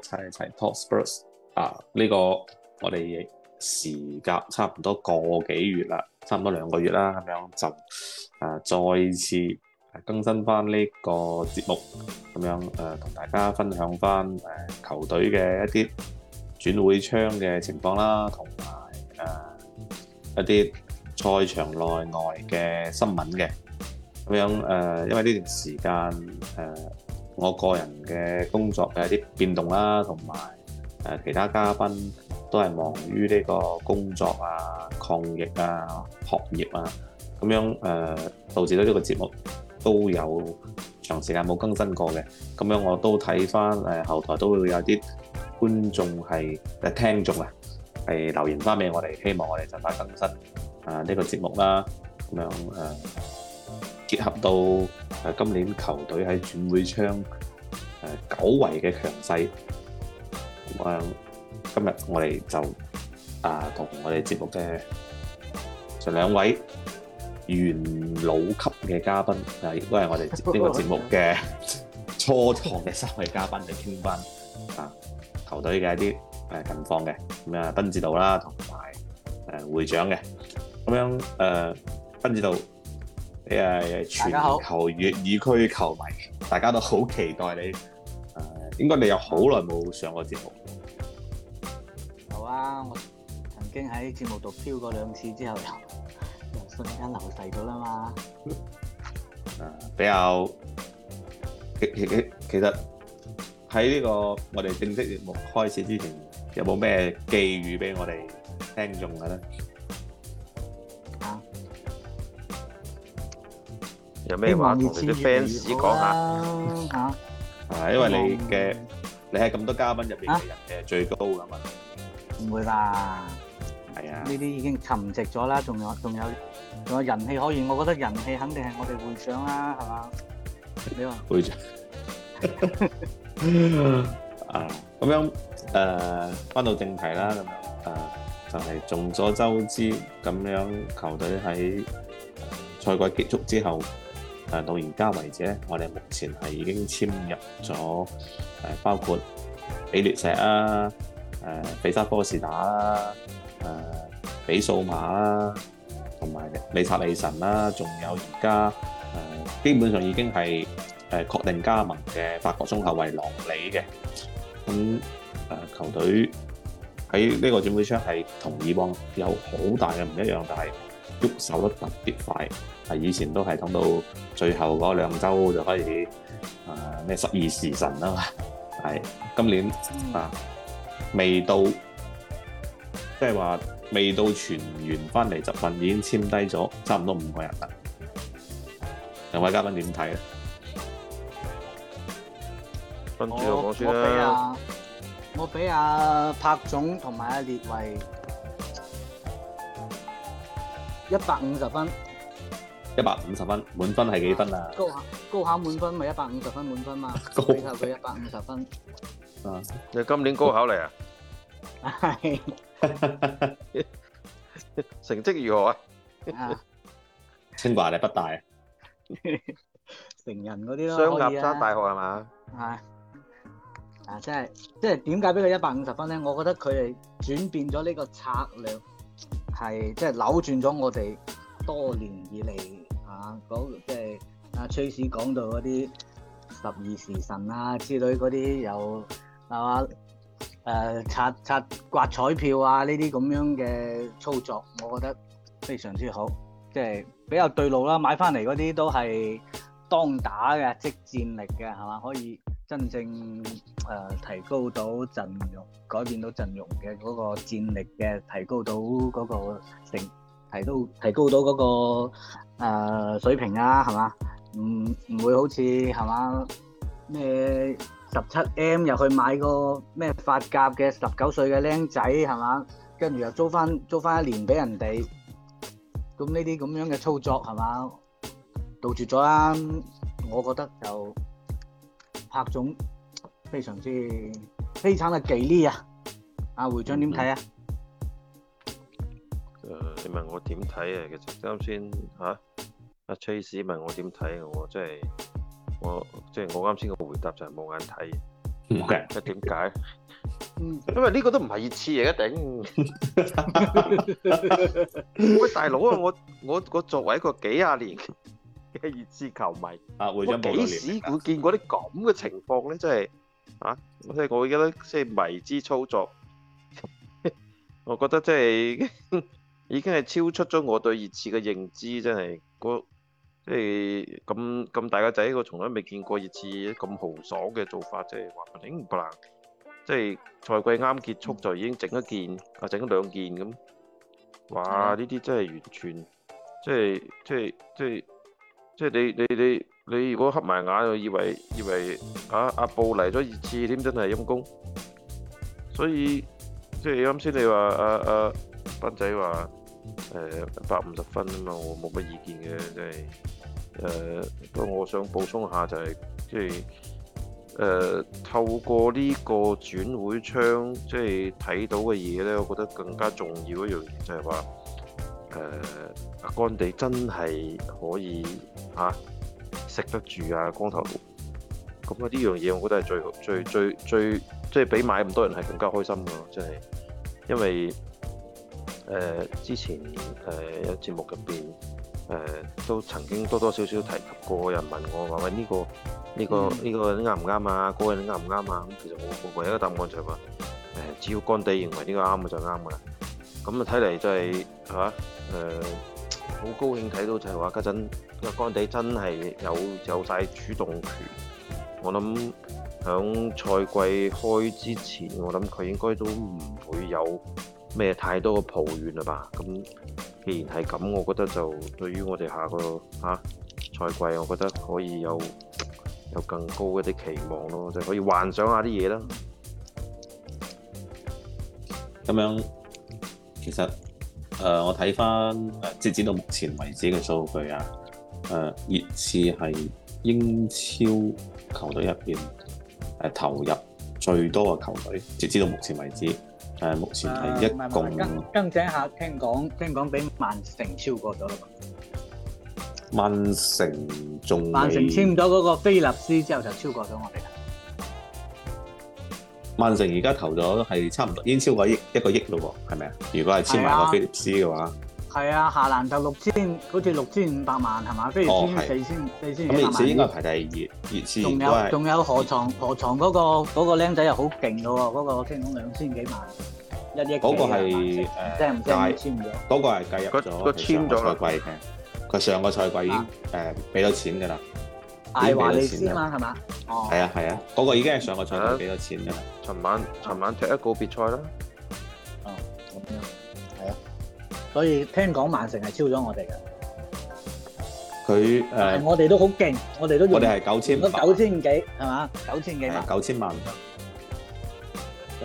齊齊 Talk Spurs 啊！呢、這個我哋時間差唔多個幾月啦，差唔多兩個月啦，咁樣就誒、啊、再次更新翻呢個節目，咁樣誒同、呃、大家分享翻誒球隊嘅一啲轉會窗嘅情況啦，同埋誒一啲賽場內外嘅新聞嘅，咁樣誒、啊，因為呢段時間誒，啊我個人嘅工作嘅一啲變動啦，同埋誒其他嘉賓都係忙於呢個工作啊、抗疫啊、學業啊，咁樣誒導致到呢個節目都有長時間冇更新過嘅。咁樣我都睇翻誒後台都會有啲觀眾係誒聽眾啊，係留言翻俾我哋，希望我哋盡快更新啊呢個節目啦。咁樣誒。結合到誒今年球隊喺轉會窗誒九位嘅強勢，咁樣今日我哋就啊同我哋節目嘅上兩位元老級嘅嘉賓，啊亦都係我哋呢個節目嘅初創嘅三位嘉賓嚟傾翻啊球隊嘅一啲誒近況嘅咁啊，斌指導啦，同埋誒會長嘅咁樣誒斌指導。誒，全球粵語區球迷，大家都好期待你。誒，應該你有好耐冇上過節目。好啊，我曾經喺節目度飄過兩次之後又，又瞬間流逝咗啦嘛。啊，比較其其實喺呢個我哋正式節目開始之前，有冇咩寄語俾我哋聽眾嘅咧？有咩話同你啲 fans 講下？嚇，係因為你嘅你喺咁多嘉賓入面嘅人氣係最高噶嘛？唔會吧？係啊。呢啲已經沉寂咗啦，仲有仲有仲有人氣可以，我覺得人氣肯定係我哋會長啦，係嘛？你話？會長。啊，咁樣誒，翻到正題啦，咁樣誒，就係眾所周知咁樣，球隊喺賽季結束之後。到而家為止我哋目前係已經簽入咗包括比列石啊、比、呃、沙波士打、啊呃、比數碼啦、啊，同埋利察利神啦、啊，仲有而家、呃、基本上已經係確定加盟嘅法國中後衞朗里嘅。咁、嗯呃、球隊喺呢個轉會窗係同以往有好大嘅唔一樣，但係喐手得特別快。以前都係等到最後嗰兩週就開始，啊、呃、咩十二時辰啊嘛，今年啊未到，即係話未到全員翻嚟集訓已經簽低咗，差唔多五個人啦。兩位嘉賓點睇？我先阿、啊啊、我俾柏總同埋阿列為一百五十分。一百五十分，滿分係幾分啊？高考高考滿分咪一百五十分滿分嘛？背後佢一百五十分。啊！你今年高考嚟啊？係 。成績如何啊？啊清華你北大？ 啊？成人嗰啲咯。雙鴨山大學係嘛？係、 啊。嗱、就是，即係即係點解俾佢一百五十分咧？我覺得佢哋轉變咗呢個策略，係即係扭轉咗我哋多年以嚟。嗯啊，講即係阿 Chase 講到嗰啲十二時辰啊之類嗰啲，有係嘛？誒、啊，刷刷刮彩票啊，呢啲咁樣嘅操作，我覺得非常之好，即、就、係、是、比較對路啦、啊。買翻嚟嗰啲都係當打嘅，即戰力嘅，係嘛？可以真正誒、啊、提高到陣容，改變到陣容嘅嗰個戰力嘅提高到嗰、那個成提高提高到嗰、那個。誒、呃、水平啊，係嘛？唔唔會好似係嘛？咩十七 M 又去買個咩法甲嘅十九歲嘅僆仔係嘛？跟住又租翻租翻一年俾人哋，咁呢啲咁樣嘅操作係嘛？導致咗，我覺得就拍種非常之悲慘嘅忌廉啊！阿、啊、會長點睇啊？誒、嗯嗯呃，你問我點睇啊？其實啱先嚇。啊阿 Chase 問我點睇，我即係我即係我啱先個回答就係冇眼睇。唔，即係點解？因為呢個都唔係熱刺嚟，一定 喂大佬啊，我我我作為一個幾廿年嘅熱刺球迷，啊，活幾時會見過啲咁嘅情況咧？真係啊，即係我而家即係迷之操作，我覺得真係已經係超出咗我對熱刺嘅認知，真係即係咁咁大個仔，我從來未見過熱刺咁豪爽嘅做法，即係話零不爛。即係賽季啱結束就已經整一件，啊整兩件咁。哇！呢啲真係完全，即係即係即係即係你你你你如果瞌埋眼，以為以為啊阿布嚟咗熱刺添，真係陰功。所以即係啱先你話啊啊斌仔話誒一百五十分啊嘛，我冇乜意見嘅，真係。誒、呃，不過我想補充一下就係、是，即係誒透過這個轉、就是、呢個轉會窗，即係睇到嘅嘢咧，我覺得更加重要一樣嘢就係話，誒阿乾地真係可以吓、啊、食得住啊，光頭佬。咁啊呢樣嘢，我覺得係最最最最，即係、就是、比買咁多人係更加開心噶，真係，因為誒、呃、之前誒有節目入邊。誒、呃、都曾經多多少少提及過，人問我話，喂呢個呢、呢個呢、呢個啱唔啱啊？嗰、嗯嗰個啱唔啱啊？其實我唯一嘅答案就係話誒，只要乾地認為呢個啱嘅就啱嘅啦。咁、嗯就係、啊睇嚟就係係嘛誒，好、呃、高興睇到就係話家陣個乾地真係有有曬主動權。我諗喺賽季開之前，我諗佢應該都唔會有咩太多嘅抱怨啦吧？咁既然係咁，我覺得就對於我哋下個嚇賽、啊、季，我覺得可以有有更高嘅啲期望咯，即係可以幻想下啲嘢啦。咁樣其實誒、呃，我睇翻截止到目前為止嘅數據啊，誒熱刺係英超球隊入面誒投入最多嘅球隊，截止到目前為止。誒，目前係一共跟跟住一下，聽講聽講俾曼城超過咗啦嘛？曼城仲曼城簽咗嗰個菲力斯之後就超過咗我哋啦。曼城而家投咗係差唔多，已經超過億一個億咯，係咪啊？如果係簽埋個菲力斯嘅話。係啊，夏蘭特六千，好似六千五、哦、百萬係嘛？不如四千四千、那個、幾萬。你、呃、呢？應該排第二，第二。仲有仲有河床河床嗰個嗰個僆仔又好勁嘅喎，嗰個聽講兩千幾萬，一億幾。嗰個係誒，但係簽咗嗰個係計入咗，佢簽咗啦。季嘅，佢上個賽季，個季、啊個季呃、已經誒俾咗錢噶啦，艾華利斯嘛係嘛？係啊係啊，嗰個已經係上個賽季俾咗錢。尋晚尋晚踢一個告別賽啦。所以聽講曼城係超咗我哋嘅，佢誒、呃。我哋都好勁，我哋都。我哋係九千萬。九千幾係嘛？九千幾。九千萬。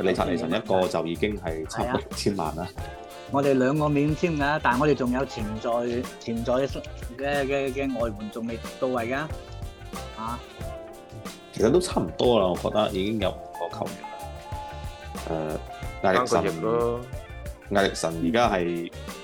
李察、尼臣一個就已經係差唔多六千、啊、萬啦。我哋兩個免簽㗎，但係我哋仲有潛在潛在嘅嘅嘅外援仲未到位㗎。啊！其實都差唔多啦，我覺得已經有個球員誒，亞歷神，咯、呃，亞歷神而家係。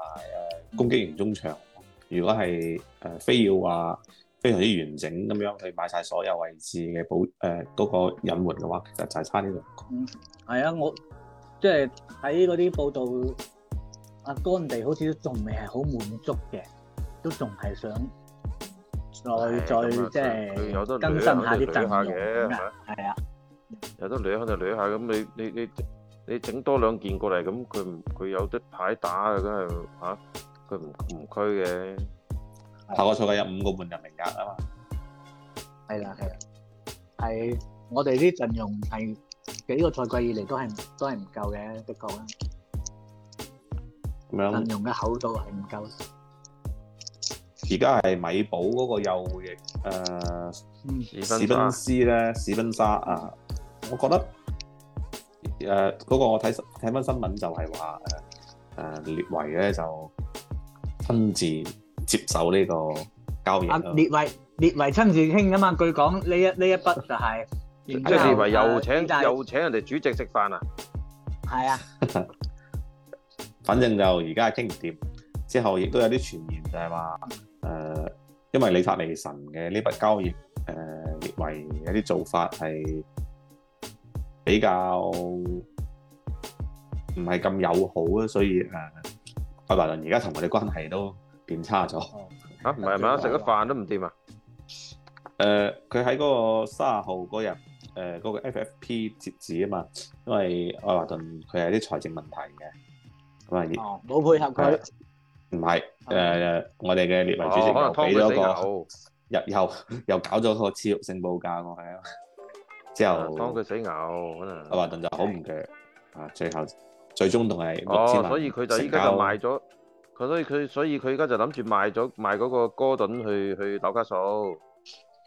啊！誒、嗯，攻擊型中場，如果係、呃、非要的話非常之完整咁樣去買晒所有位置嘅保誒嗰個隱瞞嘅話，其實就係差呢度。嗯，係啊，我即係喺嗰啲報道，阿甘地好似都仲未係好滿足嘅，都仲係想再、啊、再、啊、即係更新下啲陣容。係啊，啊，有得捋下就捋下咁，你你你。你整多兩件過嚟咁，佢唔佢有啲牌打嘅，真係嚇，佢唔唔屈嘅。下個賽季有五個半入名額啊嘛！係啦係啦，係我哋啲陣容係幾個賽季以嚟都係都係唔夠嘅，的確啊。陣容嘅厚度係唔夠。而家係米堡嗰個右翼誒史賓斯咧，史賓沙啊，我覺得。誒嗰個我睇睇翻新聞就係話誒誒列維咧就親自接受呢個交易。啊列維列維親自傾啊嘛，據講呢一呢一筆就係即係列維又請又請人哋主席食飯啊？係啊，反正就而家傾唔掂，之後亦都有啲傳言就係話誒，因為李察利神嘅呢筆交易誒列維有啲做法係。比較唔係咁友好啊，所以誒，愛華頓而家同我哋關係都變差咗。吓，唔係嘛？食咗飯都唔掂啊！誒，佢喺嗰個卅號嗰日，誒、呃，嗰、嗰個 FFP 截止啊嘛，因為愛華頓佢有啲財政問題嘅，咁、哦呃呃、啊，冇配合佢。唔係，誒，我哋嘅列文主席、哦、又俾咗個入、哦、又又搞咗個恥辱性報價，我係啊。之後當佢死牛，可能阿華頓就好唔強啊，最後最終仲係哦，所以佢就依家就賣咗佢，所以佢所以佢依家就諗住賣咗賣嗰個戈頓去去紐卡素，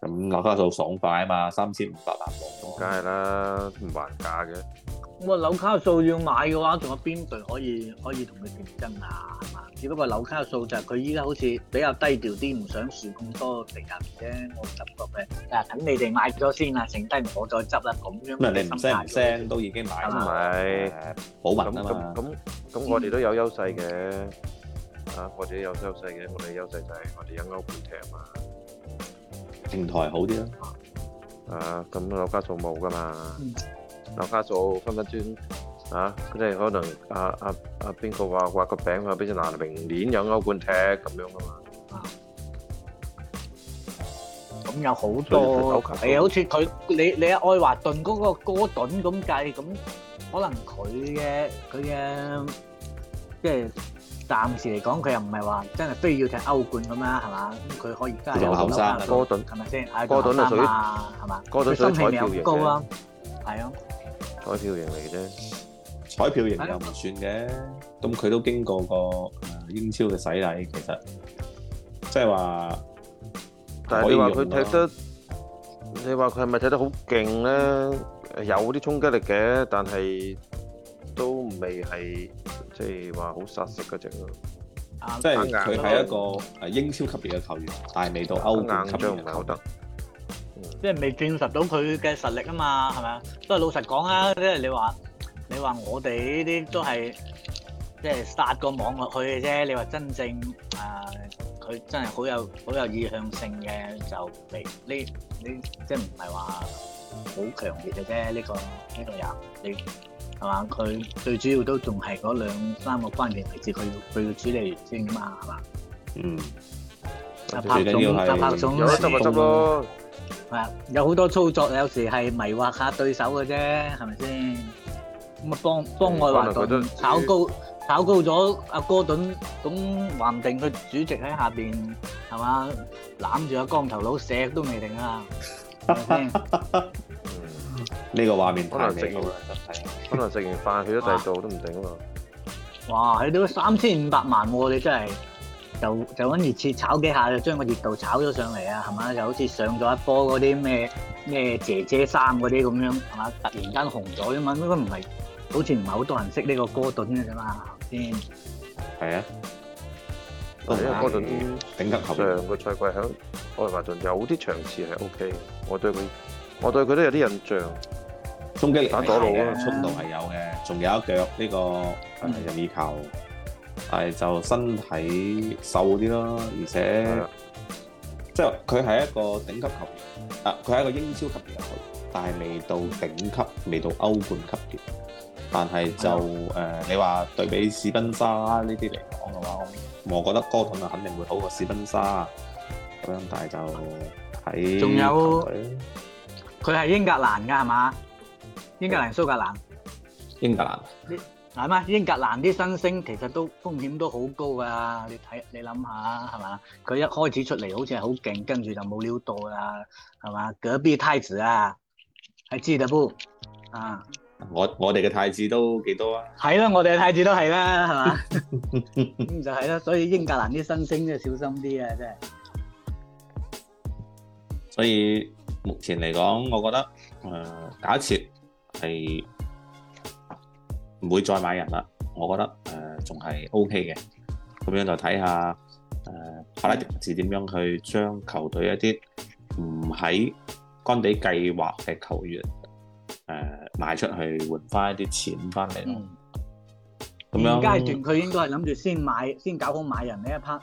咁紐卡素爽快啊嘛，三千五百萬鎊，咁梗係啦，唔還價嘅。咁啊，紐卡素要買嘅話，仲有邊隊可以可以同佢競爭啊？係嘛？只不過紐卡素就係佢依家好似比較低調啲，唔想輸咁多成日啫。我感覺嘅嗱，等你哋買咗先啦，剩低唔好再執啦。咁樣唔係你心聲都已經買咗咪？保穩啊嘛！咁咁咁，我哋都有優勢嘅。啊，我哋有優勢嘅，我哋優勢就係我哋有樓盤平啊，平台好啲啦。啊，咁紐卡素冇噶嘛？老卡素分分鐘啊，即係可能阿阿阿邊個話話個餅話俾佢拿入明年有歐冠踢咁樣噶嘛？咁有好多，誒好似佢你你阿愛華頓嗰個哥頓咁計，咁可能佢嘅佢嘅即係暫時嚟講，佢又唔係話真係非要踢歐冠咁樣，係嘛？佢可以加埋。羅厚山哥頓係咪先？哥頓係屬於係嘛？哥頓水平高啊，係啊。彩票型嚟嘅啫，彩票型又唔算嘅，咁佢都經過個英超嘅洗禮，其實即係話，但係你話佢踢得，你話佢係咪踢得好勁咧？有啲衝擊力嘅，但係都未係即係話好實質嗰隻咯，即係佢係一個係英超級別嘅球員，但係未到歐冠級別。即係未證實到佢嘅實力啊嘛，係咪啊？都係老實講啊，即係你話，你話我哋呢啲都係即係殺個網落去嘅啫。你話真正誒，佢真係好有好有意向性嘅，就你你你即係唔係話好強烈嘅啫。呢個呢個人，你係嘛？佢最主要都仲係嗰兩三個關鍵位置，佢要佢要處理先嘛，係嘛？嗯。最緊要係。執咪執咯。係啊，有好多操作，有時係迷惑下對手嘅啫，係咪先？咁啊幫幫我話炒高炒高咗阿哥頓，咁話唔定佢主席喺下邊，係嘛攬住阿光頭佬錫都未定啊！嗯，呢個畫面可能食完可能食完飯去咗第度都唔定喎。哇！你都三千五百萬喎，你真係～就就揾熱刺炒幾下，就將個熱度炒咗上嚟啊，係嘛？就好似上咗一波嗰啲咩咩姐姐衫嗰啲咁樣，係嘛？突然間紅咗啊嘛，應該唔係，好似唔係好多人識呢個歌頓嘅啫嘛先。係啊，而且哥頓頂級球，上個賽季喺愛華頓有啲場次係 OK，我對佢，我對佢都有啲印象。衝擊力打左路啊嘛，速度係有嘅，仲有一腳呢、這個任意球。嗯就是係就身體瘦啲咯，而且即係佢係一個頂級球員啊！佢係一個英超級別嘅球員，但係未到頂級，未到歐冠級別。但係就誒，你話對比史賓沙呢啲嚟講嘅話，我覺得哥頓啊肯定會好過史賓沙咁樣，但係就睇。仲有佢係英格蘭㗎係嘛？英格蘭、蘇格蘭、英格蘭。係嘛，英格蘭啲新星其實都風險都好高噶，你睇你諗下，係嘛？佢一開始出嚟好似係好勁，跟住就冇料到啦，係嘛？隔壁太子啊，還記得不？啊！我我哋嘅太子都幾多啊？係咯，我哋嘅太子都係啦，係嘛？咁就係啦，所以英格蘭啲新星都小心啲啊，真係。所以目前嚟講，我覺得誒，假設係。唔會再買人啦，我覺得誒仲係 O K 嘅，咁、呃 OK、樣就睇下誒帕、呃、拉迪斯點樣去將球隊一啲唔喺干地計劃嘅球員誒、呃、賣出去換翻一啲錢翻嚟咯。咁、嗯、樣階段佢應該係諗住先買先搞好買人呢一 part，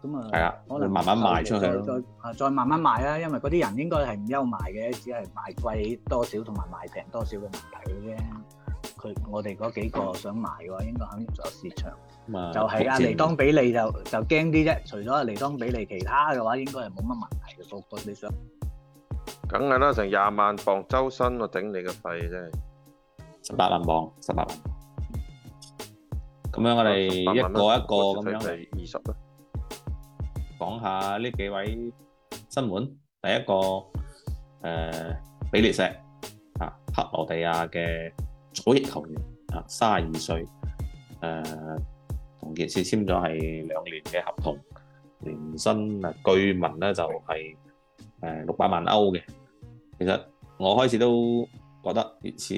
咁啊可能慢慢賣出去，再再，再慢慢賣啦，因為嗰啲人應該係唔憂賣嘅，只係賣貴多少同埋賣平多少嘅問題啫。佢我哋嗰幾個想買嘅話，應該肯定仲有市場。就係阿利當比利就就驚啲啫。除咗阿利當比利，其他嘅話應該係冇乜問題嘅。個個你想，梗係啦，成廿萬磅周身，我頂你個肺，真係十八萬磅，十八萬磅。咁樣我哋一個一個咁樣嚟二十啦。講下呢幾位新援，第一個誒比利石啊，克羅地亞嘅。左翼球員啊，三十二歲，誒同熱刺簽咗係兩年嘅合同，年薪啊，據聞咧就係誒六百萬歐嘅。其實我開始都覺得熱刺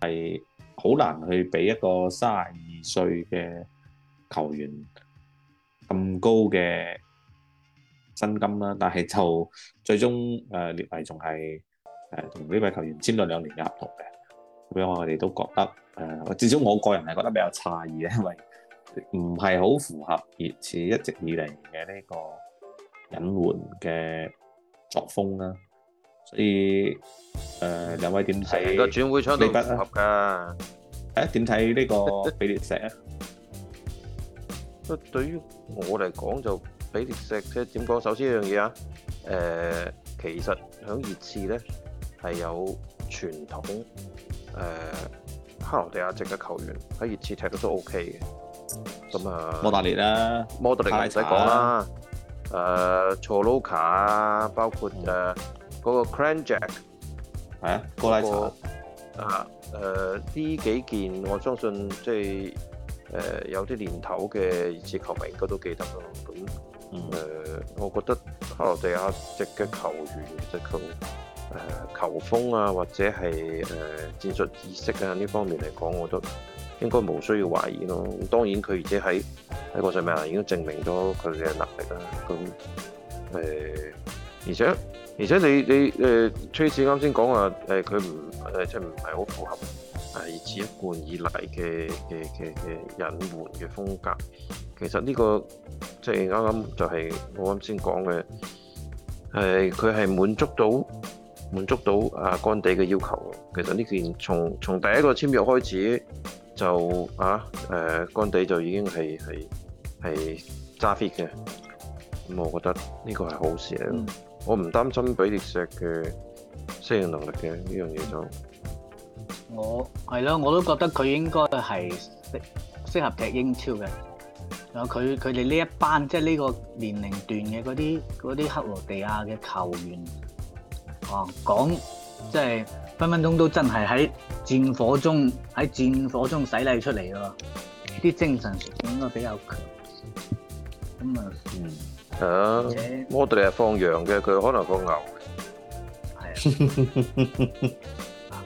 係好難去俾一個三十二歲嘅球員咁高嘅薪金啦。但係就最終誒列維仲係誒同呢位球員簽咗兩年嘅合同嘅。我哋都覺得誒，至少我個人係覺得比較詫異咧，因為唔係好符合熱刺一直以嚟嘅呢個隱瞞嘅作風啦。所以誒，兩位點睇個轉會窗都不合㗎？誒點睇呢個比利石啊？對於我嚟講，就比利石，即係點講？首先一樣嘢啊，誒，其實響熱刺咧係有傳統。誒、呃，克羅地亞籍嘅球員喺熱刺踢得都 O K 嘅，咁、嗯嗯、啊，摩德列啦，摩德列唔使講啦，o 錯魯卡，包括誒嗰個 Kranjic，係啊，哥、嗯、拉、那個、啊，誒、啊、呢、啊啊呃、幾件、嗯、我相信即係誒有啲年頭嘅熱刺球迷應該都記得咯，咁、嗯、誒、嗯呃，我覺得克羅地亞籍嘅球員即係。嗯球、呃、風啊，或者係誒、呃、戰術意識啊，呢方面嚟講，我都應該冇需要懷疑咯。當然佢而且喺喺國際名人已經證明咗佢嘅能力啦。咁誒、呃，而且而且你你誒 Chase 啱先講話誒，佢唔誒，即係唔係好符合係似、呃、一貫以嚟嘅嘅嘅嘅隱瞞嘅風格。其實呢、這個即係啱啱就係、是、我啱先講嘅，係佢係滿足到。滿足到阿甘地嘅要求。其實呢件從從第一個簽約開始就啊，誒、呃，甘地就已經係係係揸 fit 嘅。咁、嗯、我覺得呢個係好事嚟、嗯。我唔擔心比利石嘅適應能力嘅呢、嗯、樣嘢就。我係咯，我都覺得佢應該係適適合踢英超嘅。啊，佢佢哋呢一班即係呢個年齡段嘅啲嗰啲克羅地亞嘅球員，哦，講即係分分鐘都真係喺戰火中喺戰火中洗禮出嚟咯，啲精神屬性應該比較強，咁啊，嗯，係啊，摩德利係放羊嘅，佢可能係放牛，係啊，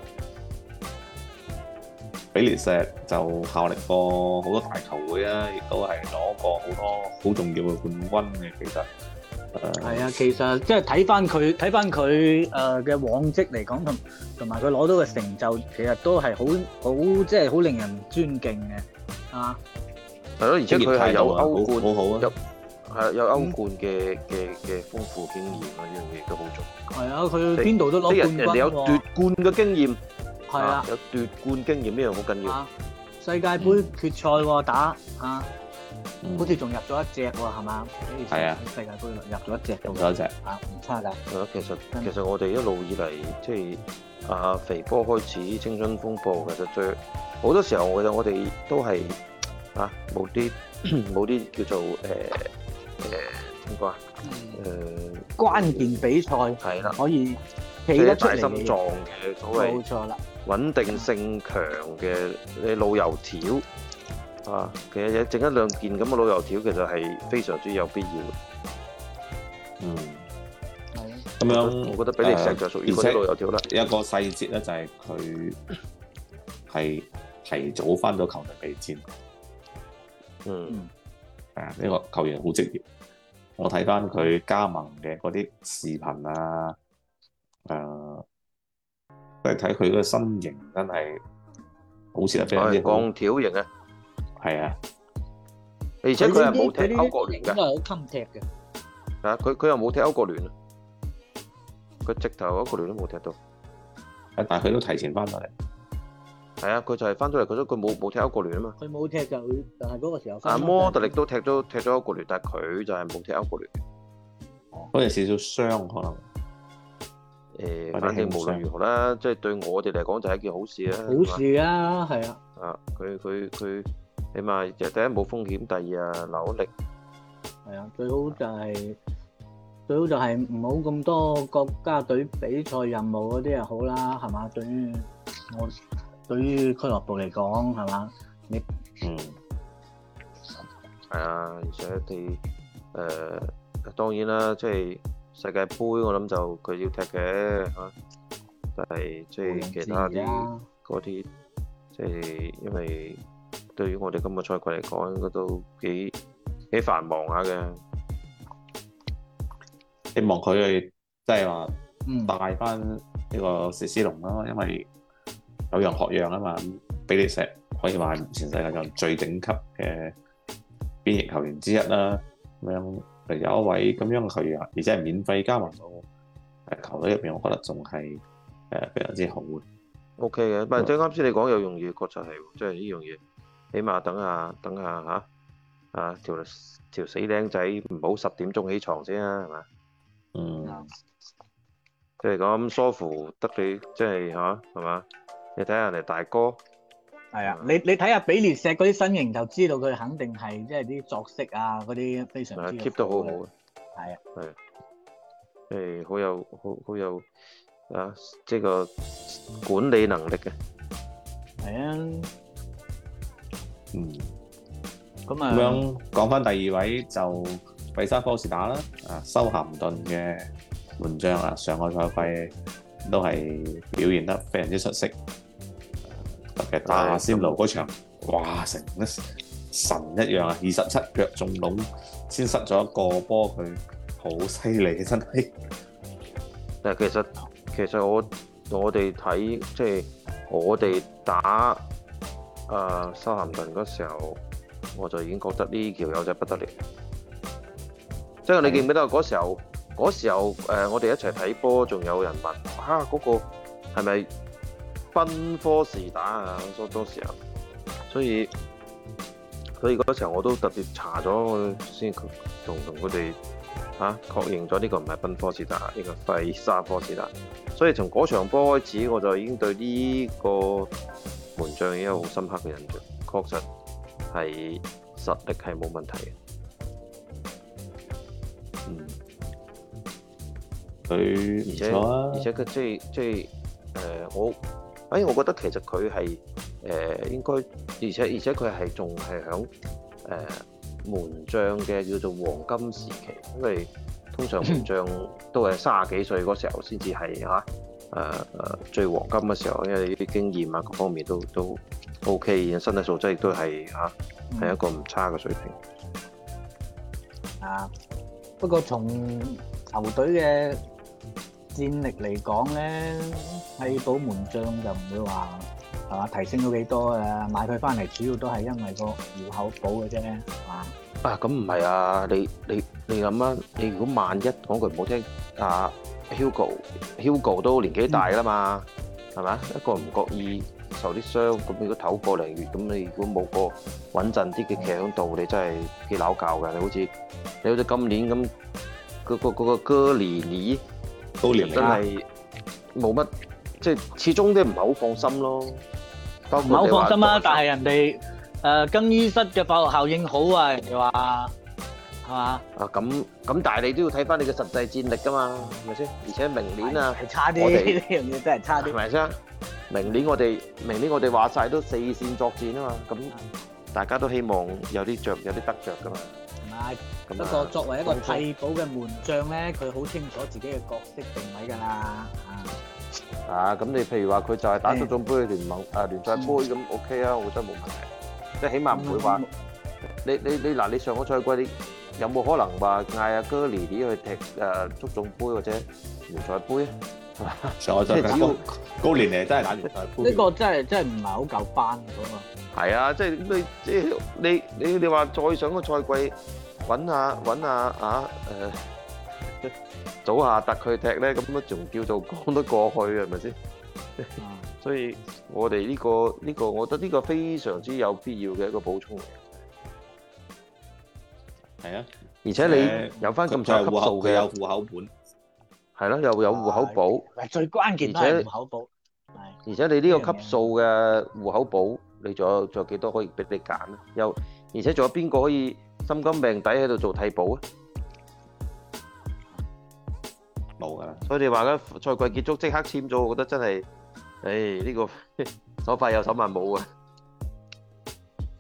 比利石就效力過好多大球會啊，亦都係攞過好多好重要嘅冠軍嘅，其實。係啊，其實即係睇翻佢，睇翻佢誒嘅往績嚟講，同同埋佢攞到嘅成就，其實都係好好，即係好令人尊敬嘅，係嘛？係咯，而且佢係有歐冠，好好啊，係有歐冠嘅嘅嘅豐富經驗啊，呢樣嘢都好重要。係啊，佢邊度都攞冠軍喎。啲人人哋有奪冠嘅經驗，係啦，有奪冠經驗呢樣好緊要。世界杯決賽喎，打啊！嗯、好似仲入咗一隻喎，係嘛？係啊，世界杯入咗一隻，入咗一隻唔差噶。係咯，其實其實我哋一路以嚟即係啊肥波開始青春風暴，其實最好多時候我哋我哋都係啊冇啲冇啲叫做誒誒點講啊誒關鍵比賽係啦、啊，可以企得出嚟嘅、大心臟、所謂冇錯啦，穩定性強嘅你老油條。啊！其實整一兩件咁嘅老油條，其實係非常之有必要的。嗯，咁樣，我覺得俾你就屬於嗰啲老油條啦。呃、一個細節咧，就係佢係提早翻到球隊備戰。嗯。誒、嗯，呢、啊呢個球員好職業。我睇翻佢加盟嘅嗰啲視頻啊，誒、呃，都係睇佢個身形真係好似一啲鋼條型啊！係啊，而且佢係冇踢歐國聯嘅，好襟踢嘅啊，佢佢又冇踢歐國聯啊，佢直頭歐國聯都冇踢到，但係佢都提前翻嚟。係啊，佢就係翻咗嚟，佢都佢冇冇踢歐國聯啊嘛，佢冇踢就但係嗰個時候啊，摩特力都踢咗踢咗歐國聯，但係佢就係冇踢歐國聯，可能少少傷可能誒、欸，反正無論如何啦，即係對我哋嚟講就係一件好事啊，好事啊，係啊，啊，佢佢佢。起碼，第一冇風險，第二啊努力。係啊，最好就係最好就係唔好咁多國家隊比賽任務嗰啲又好啦，係嘛？對於我對於俱樂部嚟講，係嘛？你嗯係啊，而且佢誒，當然啦，即係世界盃，我諗就佢要踢嘅吓，但係即係其他啲嗰啲即係因為。對於我哋今個賽季嚟講，應該都幾幾繁忙下嘅。希望佢哋即係話帶翻呢個史斯隆啦，因為有樣學樣啊嘛。俾你食可以話係全世界上最頂級嘅邊衛球員之一啦，咁樣嚟有一位咁樣嘅球員，而且係免費加盟到誒球隊入面，我覺得仲係誒非常之好嘅。O K 嘅，但係即係啱先你講又容易，確實、就、係、係，即係呢樣嘢。起碼等下，等下吓，啊條條死靚仔唔好十點鐘起床先啊，係嘛？嗯，即係咁疏乎得你，即係吓，係嘛？你睇下人哋大哥。係啊，你你睇下比利石嗰啲身形，就知道佢肯定係即係啲作息啊嗰啲非常之 keep 到好好嘅。係啊，係啊，誒好有好好有啊，即係個管理能力嘅。係啊。嗯，咁樣講翻第二位就費沙科士打啦，啊，修咸頓嘅門將啊，上個賽季都係表現得非常之出色，特別係打阿仙奴嗰場，哇，成得神一樣啊，二十七腳中籠，先失咗一個波，佢好犀利嘅真係。但係其實其實我我哋睇即係我哋打。誒修咸頓嗰時候，我就已經覺得呢條友仔不得了。即、嗯、係你記唔記得嗰時候？嗰時候誒、呃，我哋一齊睇波，仲有人問，哇、啊，嗰、那個係咪奔科士打啊？咁當時候，所以所以嗰時候我都特別查咗先，同同佢哋嚇確認咗呢個唔係奔科士打，呢個費沙科士打。所以從嗰場波開始，我就已經對呢、這個門將已經有好深刻嘅印象，確實係實力係冇問題嘅。嗯，佢唔錯啊！而且佢即係即係、呃、我，哎，我覺得其實佢係誒應該，而且而且佢係仲係喺門將嘅叫做黃金時期，因為通常門將都係卅幾歲嗰時候先至係嚇。 誒誒，最黃金嘅時候，因為你啲經驗啊各方面都都 O K，身體素質亦都係啊係一個唔差嘅水平。啊，不過從球隊嘅戰力嚟講咧，係補門將就唔會話係嘛提升咗幾多嘅，買佢翻嚟主要都係因為個苗口補嘅啫，係嘛。啊，啊咁唔係啊，你你你諗啊，你如果萬一講句唔好聽啊～Hugo，Hugo 都年紀大啦嘛，係咪？一個唔覺意受啲傷，咁如果唞個零月，咁你如果冇個穩陣啲嘅強度，你真係幾撈舊㗎。你好似你好似今年咁，嗰個嗰個哥里尼，都年年真係冇乜，即係始終都唔係好放心咯。唔係好放心啊！但係人哋誒更衣室嘅化學效應好啊！人哋話。係嘛？啊咁咁，但係你都要睇翻你嘅實際戰力噶嘛，係咪先？而且明年啊，係差啲呢樣嘢真係差啲，係咪先？明年我哋明年我哋話曬都四線作戰啊嘛，咁大家都希望有啲著，有啲得著噶嘛。唔係，不過作為一個替補嘅門將咧，佢好清楚自己嘅角色定位噶啦。啊，咁你譬如話佢就係打足總杯聯盟啊聯賽杯咁 OK 啊，我覺得冇問題。即係起碼唔會話你你你嗱，你上個賽季你。有冇可能話嗌阿哥利啲去踢誒足總杯或者聯賽杯,、嗯 杯這個那個、啊？上季就係高高年嚟，都係攬聯賽杯。呢個真係真係唔係好夠班嗰個。係啊，即係你即係你你你話再上個賽季揾下揾下啊誒、呃、早下特佢踢咧，咁都仲叫做講得過去係咪先？所以我哋呢個呢個，這個、我覺得呢個非常之有必要嘅一個補充嚟。係啊，而且你有翻咁長級數嘅，有戶口本，係咯，又有戶口簿。嗱，最關鍵都係戶口簿。係，而且你呢個級數嘅戶口簿，你仲有仲有幾多可以俾你揀？又而且仲有邊個可以心甘命抵喺度做替補啊？冇噶，所以你話啦，賽季結束即刻簽咗，我覺得真係，誒呢個手快有手慢冇啊。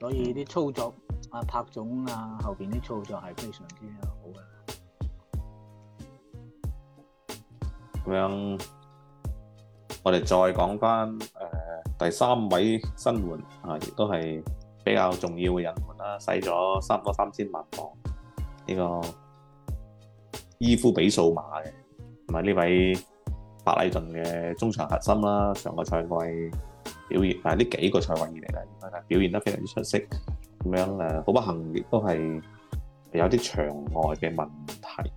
所以啲操作。啊！柏總啊，後邊啲操作係非常之好嘅。咁樣，我哋再講翻誒、呃、第三位新援啊，亦都係比較重要嘅引援啦，使咗差唔多三千萬磅呢、呢個伊夫比數碼嘅，同埋呢位白禮頓嘅中場核心啦。上個賽季表現啊，呢幾個賽季以嚟咧，表現得非常之出色。好不幸亦都係有啲場外嘅問題，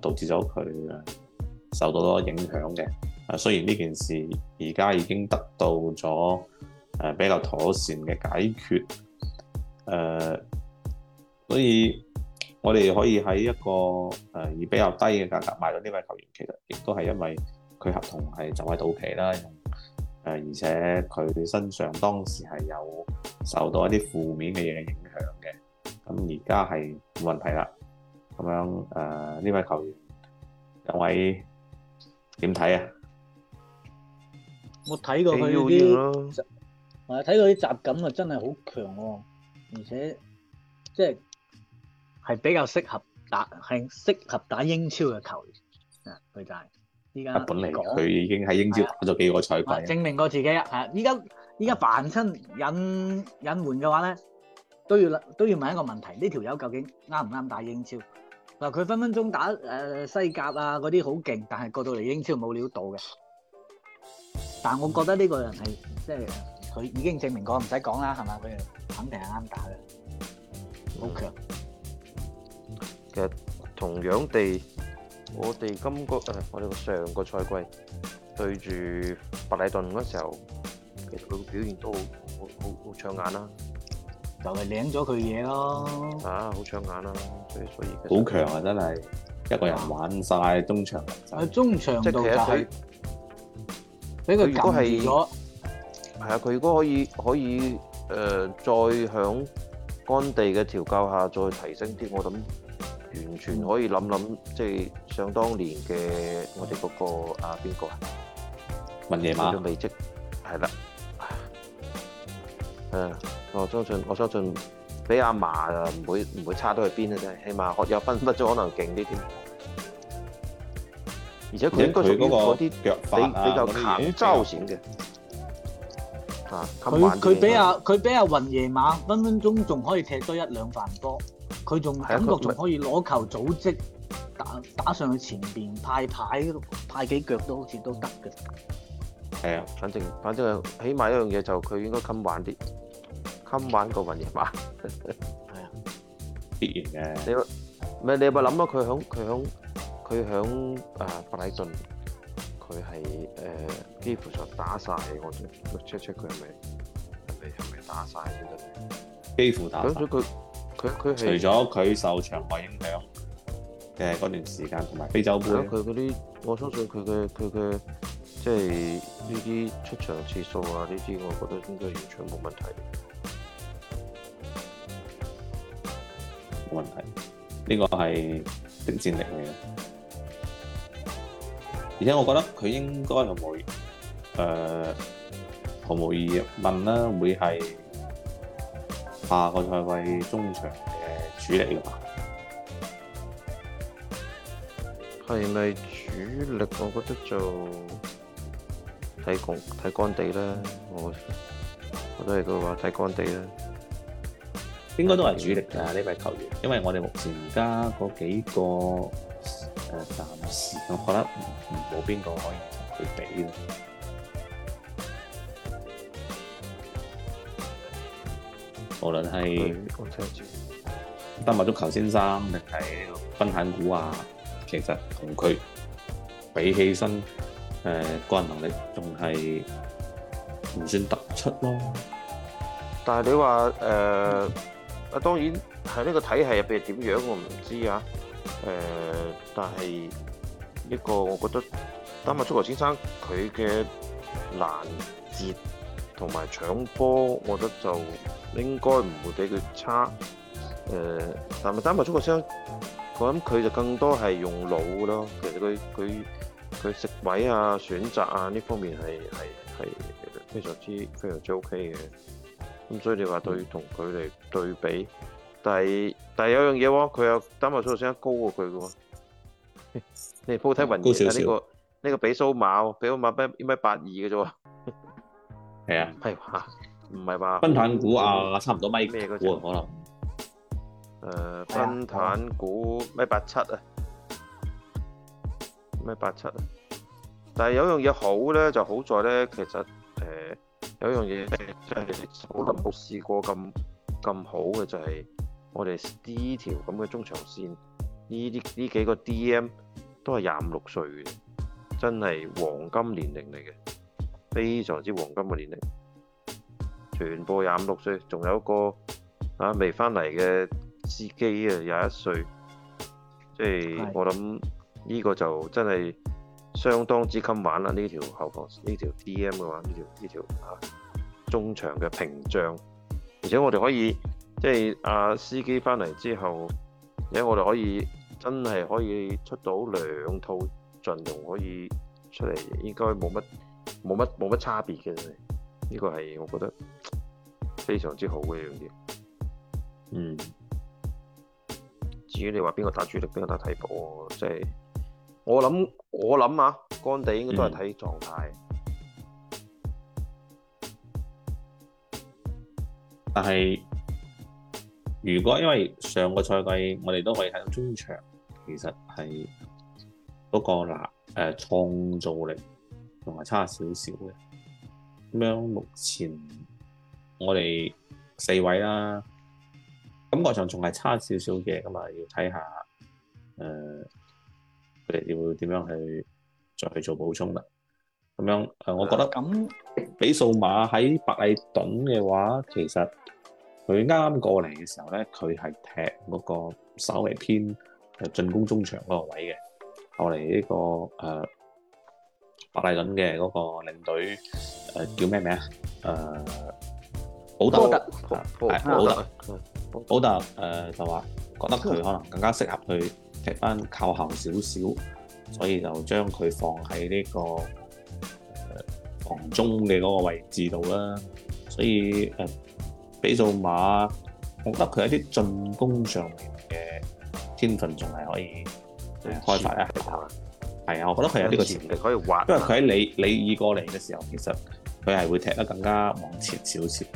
導致咗佢受到咗影響嘅、啊。雖然呢件事而家已經得到咗、呃、比較妥善嘅解決、呃，所以我哋可以喺一個、呃、以比較低嘅價格買到呢位球員，其實亦都係因為佢合同係就係到期啦。誒，而且佢身上當時係有受到一啲負面嘅嘢嘅影響嘅，咁而家係冇問題啦。咁樣誒，呢位球員，兩位點睇啊？我睇過佢啲，係啊，睇過啲集錦啊，真係好強喎！而且即係係比較適合打，係適合打英超嘅球員啊，佢就係。日本嚟講，佢已經喺英超打咗幾個賽季，證明過自己啦。係，依家依家凡親引引援嘅話咧，都要啦，都要問一個問題：呢條友究竟啱唔啱打英超？嗱，佢分分鐘打誒西甲啊嗰啲好勁，但係過到嚟英超冇料到嘅。但係我覺得呢個人係即係佢已經證明過，唔使講啦，係嘛？佢肯定係啱打嘅。好嘅。其實同樣地。我哋今個誒、呃，我哋個上個賽季對住白禮頓嗰時候，其實佢嘅表現都好好好好搶眼啦、啊。就係領咗佢嘢咯。啊，好搶眼啦、啊！所以好強啊，真係一個人玩晒中場。喺中場度就俾佢攪亂咗。係、嗯、啊，佢如果可以可以誒、呃、再響干地嘅調教下再提升啲，我諗。完全可以諗諗，即係想當年嘅我哋嗰、嗰個啊邊個啊？雲夜馬仲未積，係啦。誒，我相信，我相信比，俾阿嫲唔會唔會差到去邊嘅啫。起碼學有分分鐘可能勁啲添。而且佢應該屬於嗰啲腳法啊，嗰啲比較砍招型嘅。啊、欸，佢佢俾佢比阿雲夜馬分分鐘仲可以踢多一兩份波。佢仲感覺仲可以攞球組織打打上去前邊派牌派，派，派幾腳都好似都得嘅。係啊，反正反正起碼一樣嘢就佢應該襟玩啲，襟玩過雲爺嘛，係啊， 必然嘅。你唔係你有冇諗啊，佢響佢響佢響誒白禮頓，佢係誒幾乎上打曬嗰種，check check 佢係咪係咪打晒。先、呃、得？幾乎打曬。佢。除咗佢受場外影響嘅嗰段時間，同埋非洲杯，佢我相信佢嘅即係呢啲出場次數啊，呢啲我覺得應該完全冇問，問題。冇問題，呢個係頂戰力嘅。而且我覺得佢應該係會，誒、呃，毫無疑問啦，啊，會係。下個賽季中場嘅主力啦，係咪主力？我覺得就睇睇干地啦，我我都係佢話睇干地啦，應該都係主力噶呢位球員，因為我哋目前而家嗰幾個誒暫時，我覺得冇邊個可以去比啦。無論係丹麥足球先生定係分騰股啊，其實同佢比起身，誒個人能力仲係唔算突出咯。但係你話誒啊，當然喺呢個體系入邊係點樣我唔知啊。誒、呃，但係呢個我覺得丹麥足球先生佢嘅難節。同埋搶波，我覺得就應該唔會比佢差。誒、呃，但係丹麥足嘅商，我諗佢就更多係用腦咯。其實佢佢佢食位啊、選擇啊呢方面係係係非常之非常之 OK 嘅。咁所以你話對同佢嚟對比，但係但係有樣嘢喎，佢有丹麥足嘅商高過佢嘅喎。你睇雲野點點啊，呢、呢個呢、呢個比蘇馬，比蘇馬一米八二嘅啫喎。係啊，譬如唔係話，奔坦股啊，差唔多米咩、啊、可能。誒、呃，奔坦股米八七啊，米八七啊。但係有樣嘢好咧，就好在咧，其實誒、呃、有樣嘢即係可能冇試過咁咁、嗯、好嘅，就係我哋呢條咁嘅中長線，呢啲呢幾個 DM 都係廿五六歲嘅，真係黃金年齡嚟嘅。非常之黃金嘅年齡，全部廿五六歲，仲有一個啊未翻嚟嘅司機啊，廿一歲，即係我諗呢個就真係相當之襟玩啦。呢條後防呢條 D.M 嘅話，呢條呢條啊中場嘅屏障，而且我哋可以即係阿、啊、司機翻嚟之後，而且我哋可以真係可以出到兩套陣容，可以出嚟，應該冇乜。冇乜冇乜差別嘅，呢個係我覺得非常之好嘅樣嘢。嗯，至於你話邊個打主力，邊個打替補，即係我諗我諗啊，干地應該都係睇狀態。但係如果因為上個賽季我哋都可以喺中場，其實係嗰個嗱誒創造力。仲係差少少嘅，咁樣目前我哋四位啦，感覺上仲係差少少嘅，咁啊要睇下，誒佢哋要點樣去再去做補充啦。咁樣誒，我覺得咁、啊、比蘇馬喺白禮頓嘅話，其實佢啱啱過嚟嘅時候咧，佢係踢嗰個稍微偏誒進攻中場嗰個位嘅，我哋呢個誒。呃伯利肯嘅嗰個領隊，呃、叫咩名？誒保特，係保特，保特誒就話覺得佢可能更加適合去踢翻靠後少少，所以就將佢放喺呢、這個防、呃、中嘅嗰個位置度啦。所以誒、呃，比祖馬，我覺得佢喺啲進攻上面嘅天分仲係可以開發一下。啊寶寶係啊，我覺得佢有呢個潛力，可以話因為佢喺你李毅過嚟嘅時候，其實佢係會踢得更加往前少少，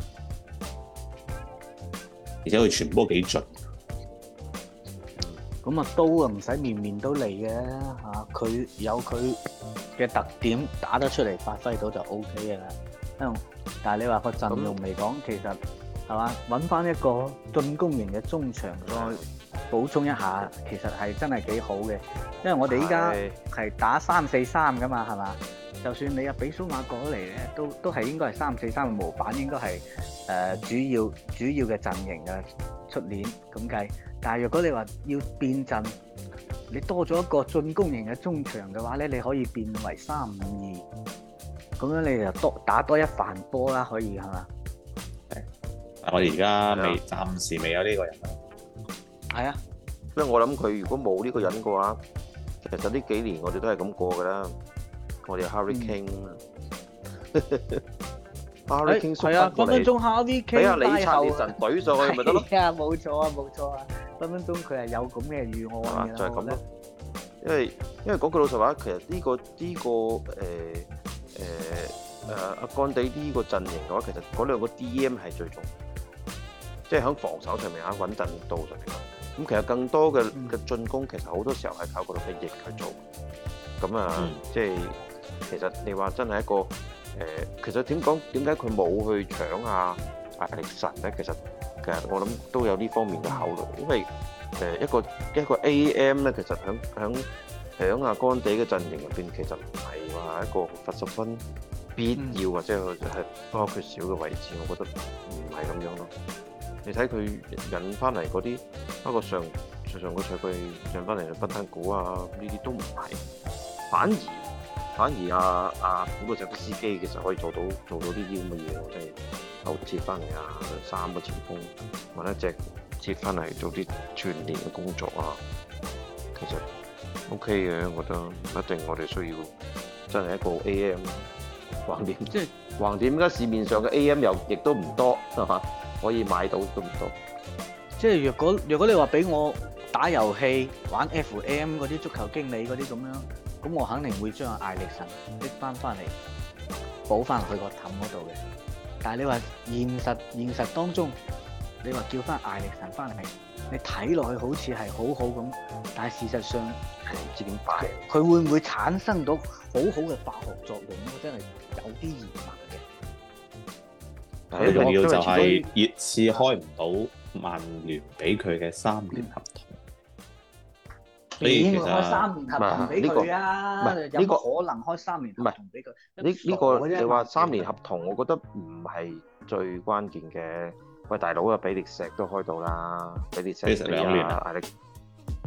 而且佢傳波幾準。咁、嗯、啊，刀啊唔使面面都嚟嘅嚇，佢有佢嘅特點，打得出嚟，發揮到就 O K 嘅啦。但係你話個陣容嚟講，其實係嘛，揾翻一個進攻型嘅中場再、就是。補充一下，其實係真係幾好嘅，因為我哋依家係打三四三噶嘛，係嘛？就算你阿比蘇馬過咗嚟咧，都都係應該係三四三嘅模板，應該係誒主要主要嘅陣型嘅出年咁計。但係如果你話要變陣，你多咗一個進攻型嘅中場嘅話咧，你可以變為三五二，咁樣你就多打多一犯波啦，可以係嘛？係。我而家未暫時未有呢個人。係啊，因為我諗佢如果冇呢個人嘅話，其實呢幾年我哋都係咁過噶啦。我哋 Harry King，Harry King 送翻過嚟，俾阿李察杰神懟上去咪得咯。係啊，冇錯啊，冇錯啊，分分鐘佢係有咁嘅預案啊。係啊，就係咁咯。因為因為講句老實話，其實呢個呢個誒誒誒阿干地呢個陣營嘅話，其實嗰兩個 DM 係最重，即係喺防守上面啊穩陣度上面。咁其實更多嘅嘅進攻，其實好多時候係靠佢哋嘅翼去做。咁啊，即係其實你話真係一個誒，其實點講？點解佢冇去搶下阿力神咧？其實其實我諗都有呢方面嘅考慮，因為誒一個一個 AM 咧，其實響響響下干地嘅陣營入邊，其實唔係話一個八十分必要或者係不可缺少嘅位置，我覺得唔係咁樣咯。你睇佢引翻嚟嗰啲，不過上上上個賽季引翻嚟嘅不單股啊，呢啲都唔係，反而、嗯、反而啊，嗰好多隻司機其實可以做到做到呢啲咁嘅嘢，即係好接翻嚟啊！三個前鋒揾一隻接翻嚟做啲全年嘅工作啊，其實 OK 嘅，我覺得唔一定我哋需要真係一個 AM 橫、嗯、掂，即係橫掂，而 家市面上嘅 AM 又亦都唔多，係嘛？可以買到咁多，即係若果若果你話俾我打遊戲玩 F.M. 嗰啲足球經理嗰啲咁樣，咁我肯定會將艾力神搦翻翻嚟補翻去個氹嗰度嘅。但係你話現實現實當中，你話叫翻艾力神翻嚟，你睇落去好似係好好咁，但係事實上嗯，唔知點解，佢會唔會產生到好好嘅化學作用？我真係有啲疑惑。最重要就係熱刺開唔到曼聯俾佢嘅三年合同，所以其實唔係呢個，唔係呢個可能開三年合同俾佢。呢呢個你話三年合同，我覺得唔係最關鍵嘅。喂，大佬啊，比利石都開到啦，比利石兩年啦，艾力，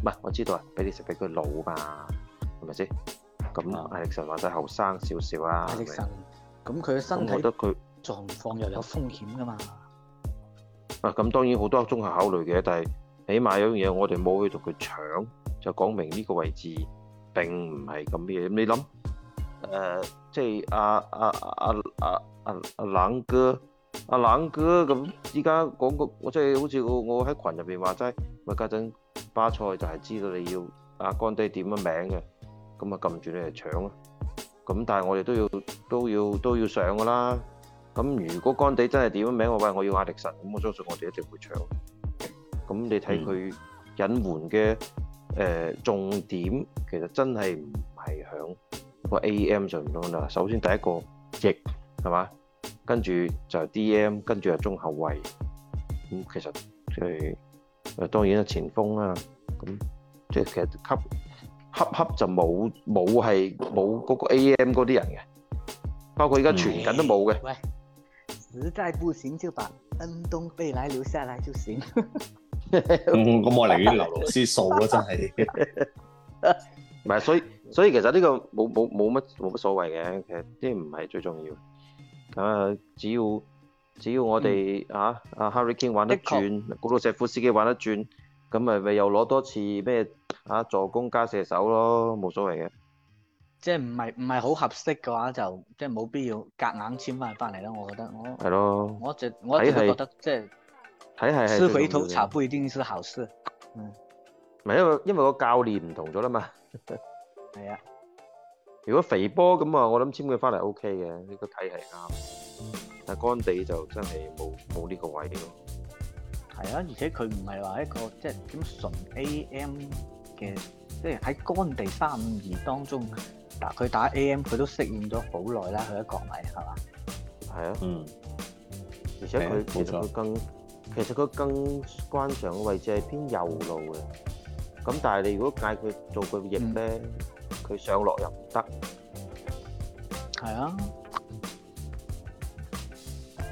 唔係我知道啊，比利石俾佢老嘛，係咪先？咁艾力神或者後生少少啦，咁佢嘅身體，我覺得佢狀況又有風險㗎嘛啊！咁當然好多綜合考慮嘅，但係起碼有樣嘢我哋冇去同佢搶，就講明呢個位置並唔係咁嘅嘢。你諗誒、呃，即係阿阿阿阿阿阿冷哥、阿冷哥咁，依、啊、家、啊啊啊啊啊、講個、就是、我即係好似我我喺群入邊話齋，咪家陣巴塞就係知道你要阿乾爹點樣名嘅，咁啊撳住你嚟搶啦。咁但係我哋都要都要都要上㗎啦。咁如果乾地真係點樣名？我話，我要阿力神，咁我相信我哋一定會搶。咁你睇佢隱瞞嘅誒重點，其實真係唔係響個 AM 上邊咯。首先第一個翼係嘛，跟住就 DM，跟住就中後衞。咁其實誒當然啦，前鋒啦，咁即係其實合合合就冇冇係冇嗰個 AM 嗰啲人嘅，包括依家傳緊都冇嘅喂。實在不行就把恩東貝萊留下來就行。嗯，咁我寧願劉老師數咯，真係。唔係，所以所以其實呢個冇冇冇乜冇乜所謂嘅，其實啲唔係最重要。咁啊，只要只要我哋啊阿 Harry Kane 玩得轉，古老石夫斯基玩得轉，咁咪咪又攞多次咩啊助攻加射手咯，冇所謂嘅。即係唔係唔係好合適嘅話，就即係冇必要夾硬簽翻翻嚟咯。我覺得我係咯，我直我一直覺得即係睇係。食回頭草不一定是好事。唔係因為因為個教練唔同咗啦嘛。係啊，如果肥波咁啊，我諗簽佢翻嚟 OK 嘅呢個體系啱，但係乾地就真係冇冇呢個位咯。係啊，而且佢唔係話一個即係咁純 AM 嘅，即係喺乾地三五二當中。嗱，佢打 AM 佢都適應咗好耐啦，佢喺國米係嘛？係啊，嗯，而且佢其實佢更，其實佢更慣上嘅位置係偏右路嘅，咁但係你如果叫佢做個翼咧，佢上落又唔得，係啊。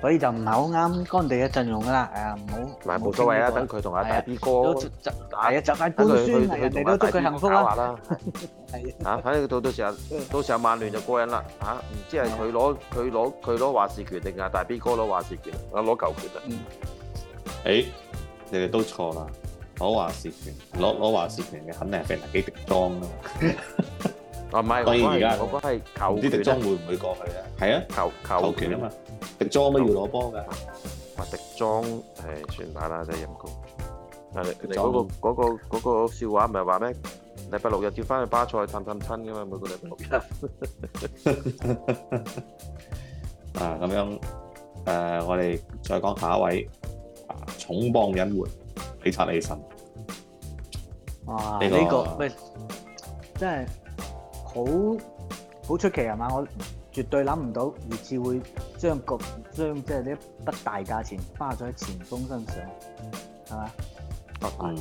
所以就唔係好啱乾地嘅陣容㗎啦，啊唔好。唔係冇所謂，所謂啊，等佢同阿大 B 哥，係啊，啊就快官宣，佢、啊、哋都祝佢幸福啦。係啊，嚇、啊，反正到到時候，到時候曼聯就過癮啦。嚇、啊，唔知係佢攞，佢攞，佢攞話事權定係大 B 哥攞話事權，我攞球權啦。誒、嗯哎，你哋都錯啦，攞話事權，攞攞話事權嘅肯定係俾人幾跌光㗎嘛。啊，唔係，當然而家，我覺得係球啲迭裝會唔會過去啊？係啊，球球權啊嘛，迭裝都要攞波㗎。啊迭裝誒算罷啦，真係陰功。啊佢哋嗰個嗰個嗰個笑話唔係話咩？禮拜六日跳翻去巴塞探探親㗎嘛，每個禮拜六日。啊咁樣誒，我哋再講下一位重磅引援，李察利臣。哇！呢個咪真係～好好出奇係嘛？我絕對諗唔到，熱刺會將個將即係呢一筆大價錢花喺前鋒身上，係、嗯、嘛？係，哦、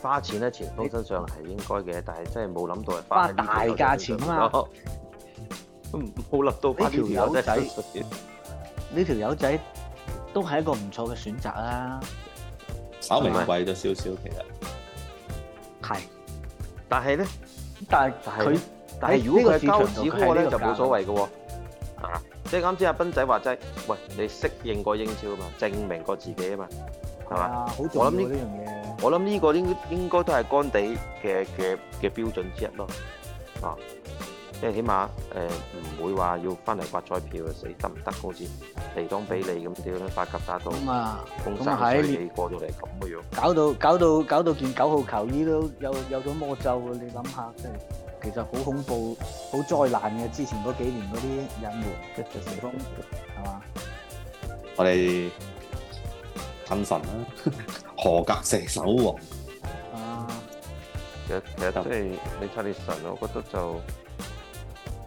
花錢喺前鋒身上係應該嘅，但係真係冇諗到係花大價錢啊嘛！都冇諗到把呢條友仔，呢條友仔都係一個唔錯嘅選擇啦，稍微貴咗少少其實係，但係咧，但係佢。如果係膠紙哥咧就冇所謂嘅喎，啊！即係啱先阿斌仔話齋，喂，你適應過英超啊嘛，證明過自己啊嘛，係嘛、啊？好重要呢樣嘢。我諗呢、啊、個應該應該都係乾地嘅嘅嘅標準之一咯，啊！即係起碼誒唔、呃、會話要翻嚟刮彩票啊！死得唔得？好似地當比利咁屌啦，八級打到，風沙隨你過到嚟咁嘅樣。搞到搞到搞到，搞到件九號球衣都有有咗魔咒啊！你諗下其實好恐怖、好災難嘅。之前嗰幾年嗰啲隱瞞嘅情況，係嘛？我哋近神啦， 何格射手王。啊，其實其實即係李察烈神，我覺得就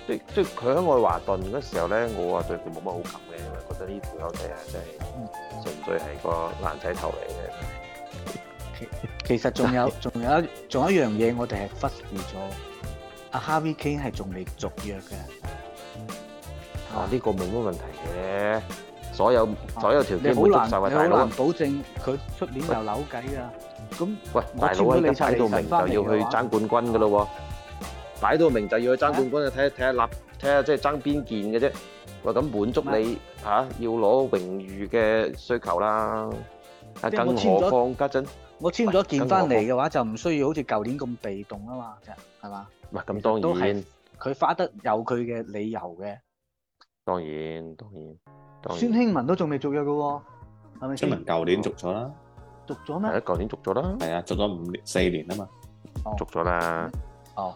即即佢喺愛華頓嗰時候咧，我話對佢冇乜好感嘅，因為覺得呢條友仔啊，真係、嗯、純粹係個爛仔頭嚟嘅。其其實仲有仲 有，有，有一仲有一樣嘢，我哋係忽視咗。阿 Harry Kane 係仲未續約嘅，啊，呢個冇乜問題嘅，所有所有條件好難滿足啊！大佬，保證佢出年又扭計啊！咁喂，大佬，我擺到明就要去爭冠軍嘅咯喎，擺到明就要去爭冠軍，睇下睇下立，睇下即係爭邊件嘅啫。喂，咁滿足你嚇要攞榮譽嘅需求啦。啊，更何況家陣我簽咗件翻嚟嘅話，就唔需要好似舊年咁被動啊嘛，啫係嘛？唔係咁當然，係佢花得有佢嘅理由嘅。當然當然。孫興文都仲未續約嘅喎，孫興文舊年續咗啦，續咗咩？舊年續咗啦，係啊，續咗五年四年啊嘛，續咗啦。哦，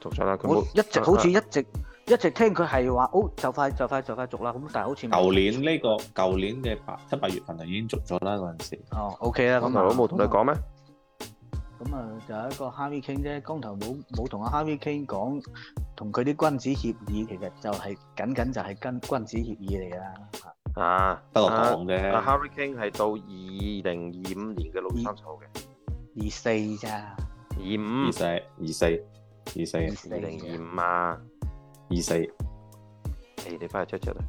續咗啦。我一直好似一直一直聽佢係話，哦就快就快就快續啦，咁但係好似。舊年呢個舊年嘅八七八月份就已經續咗啦嗰陣時。哦，OK 啦，咁啊。咁唔係我冇同你講咩？咁啊，就係一個 Harry Kane 啫。剛頭冇冇同阿 Harry Kane 講，同佢啲君子協議，其實就係僅僅就係跟君子協議嚟啦。嚇，得我講嘅。阿 Harry Kane 係到二零二五年嘅六月三十號嘅。二四咋？二五。二四二四二四。二零二五啊。二四。誒，你翻去 check check 啦。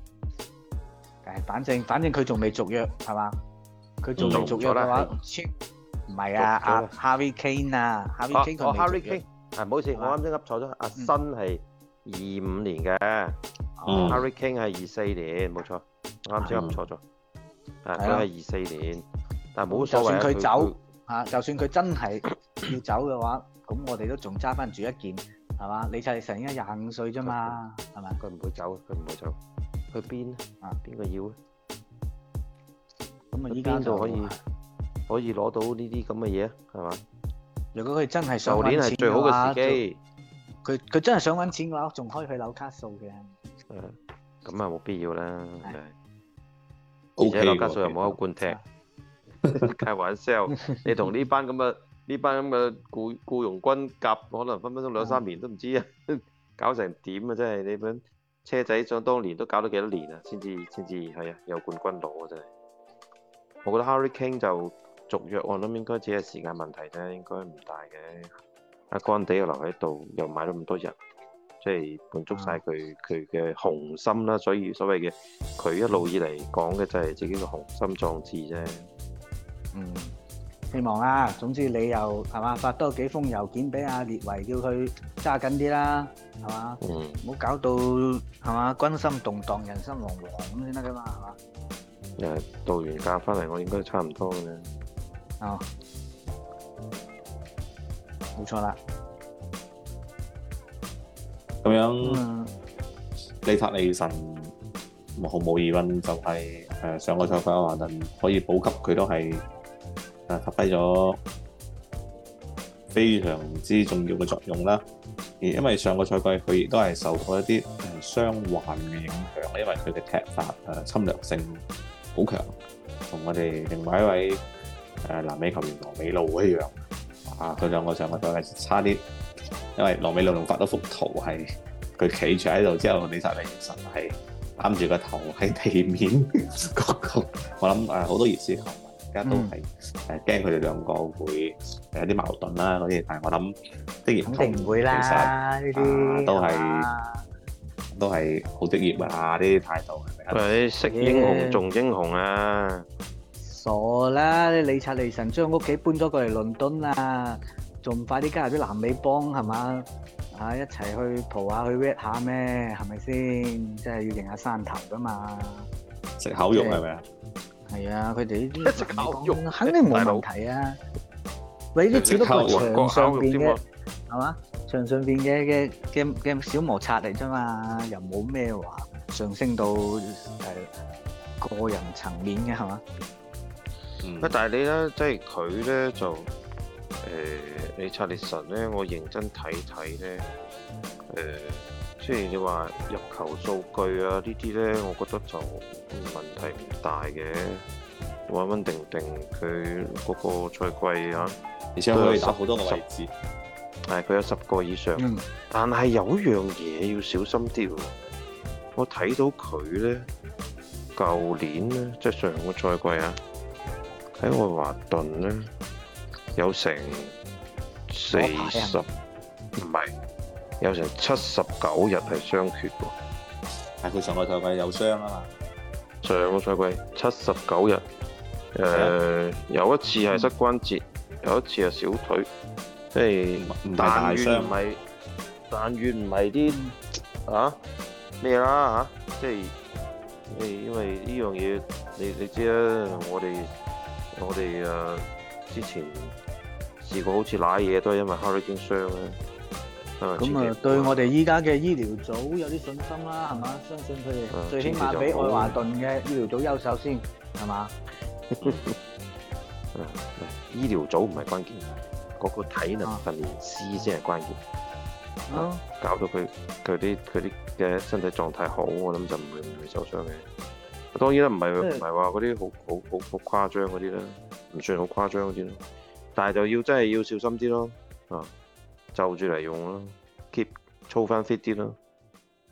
但係反正，反正佢仲未續約，係嘛？佢仲未續約嘅話，係嘛。唔係啊，阿 Harry Kane 啊，Harry Kane 同 Harry Kane，係冇事。我啱先噏錯咗，阿新係二五年嘅，Harry Kane 係二四年，冇錯，啱先噏錯咗，係佢係二四年，但係冇所謂。就算佢走嚇，就算佢真係要走嘅話，咁我哋都仲揸翻住一件，係嘛？你而家廿五歲啫嘛，係嘛？佢唔會走，佢唔會走，去邊啊？邊個要啊？咁啊，依家就可以。可以攞到呢啲咁嘅嘢啊，係嘛？如果佢真係想揾錢，上年係最好嘅時機，佢佢真係想揾錢嘅話，仲可以去紐卡素嘅。誒，咁啊冇必要啦。而且紐卡素又冇歐冠踢，開玩笑。你同呢班咁嘅呢班咁嘅僱僱傭軍夾，可能分分鐘兩三年都唔知啊，搞成點啊！真係你本車仔想當年都搞到幾多年啊，先至先至係啊，有冠軍攞啊！真係。我覺得 Harry Kane 就，續約我諗應該只係時間問題啫，應該唔大嘅。阿干地又留喺度，又買咗咁多人，即係滿足曬佢佢嘅雄心啦。所以所謂嘅佢一路以嚟講嘅就係自己嘅雄心壯志啫。嗯，希望啊。總之你又係嘛發多幾封郵件俾阿列維，叫佢揸緊啲啦，係嘛？嗯。唔好搞到係嘛軍心動盪、人心惶惶咁先得噶嘛，係嘛？誒，度完假翻嚟，我應該差唔多嘅。冇錯啦，咁、嗯嗯嗯嗯、樣、嗯、利塔利神毫無疑問就係、是、上個賽季阿華頓可以保級，佢都係誒發揮咗非常之重要嘅作用啦。因為上個賽季佢亦都係受到一啲傷患嘅影響，因為佢嘅踢法、啊、侵略性好強，同我哋另外一位。誒南美球員羅美路一樣，啊！佢兩個上個賽季差啲，因為羅美路仲發咗幅圖係佢企住喺度之後，你查明事實係攬住個頭喺地面嗰個。我諗誒好多熱刺球迷而家都係誒驚佢哋兩個會誒有啲矛盾啦嗰啲，但係我諗職業肯定唔會啦，呢啲都係都係好職業啊，呢啲態度，係咪佢哋識英雄重英雄啊！傻啦！你理察利臣將屋企搬咗過嚟倫敦啦，仲快啲加入啲南美幫係嘛？啊，一齊去蒲下，去 red 下咩？係咪先？即係要認下山頭噶嘛？食口肉係咪啊？係啊！佢哋呢啲食口肉，肯定冇問題啊！喂，呢啲只不過係場上邊嘅係嘛？場上邊嘅嘅嘅嘅小摩擦嚟啫嘛，又冇咩話上升到誒個人層面嘅係嘛？嗯、但係你咧，即係佢咧就，誒、呃，你察列神咧，我認真睇睇咧，誒、嗯呃，雖然你話入球數據啊這些呢啲咧，我覺得就問題唔大嘅，穩、嗯、穩定定佢嗰個賽季啊，而且佢有十好多個位置，係佢有十個以上，嗯、但係有一樣嘢要小心啲，我睇到佢咧，舊年咧，即係上個賽季啊。喺愛華頓咧，有成四十，唔係、啊、有成七十九日係傷缺喎。但佢上個賽季有傷啊嘛。上個賽季七十九日，誒、嗯呃、有一次係膝關節，嗯、有一次係小腿，即係唔係大傷。但願唔係，但願唔係啲啊咩啦嚇，即係誒，因為呢樣嘢你你知啦，我哋。我哋、啊、之前試過好似瀨嘢，都係因為哈里簡傷咧。咁啊、呃，對我哋依家嘅醫療組有啲信心啦，係、啊、嘛？相信佢哋，最起碼比愛、嗯、華頓嘅醫療組優秀先，係、嗯、嘛 啊？醫療組唔係關鍵，嗰個體能訓練師先係關鍵。啊！啊啊搞到佢佢啲佢啲嘅身體狀態好，我諗就唔會唔會受傷嘅。當然啦，唔係唔係話嗰啲好好好好誇張嗰啲啦，唔算好誇張嗰啲啦，但係就要真係要小心啲咯，啊，就住嚟用咯，keep 操翻 fit 啲咯，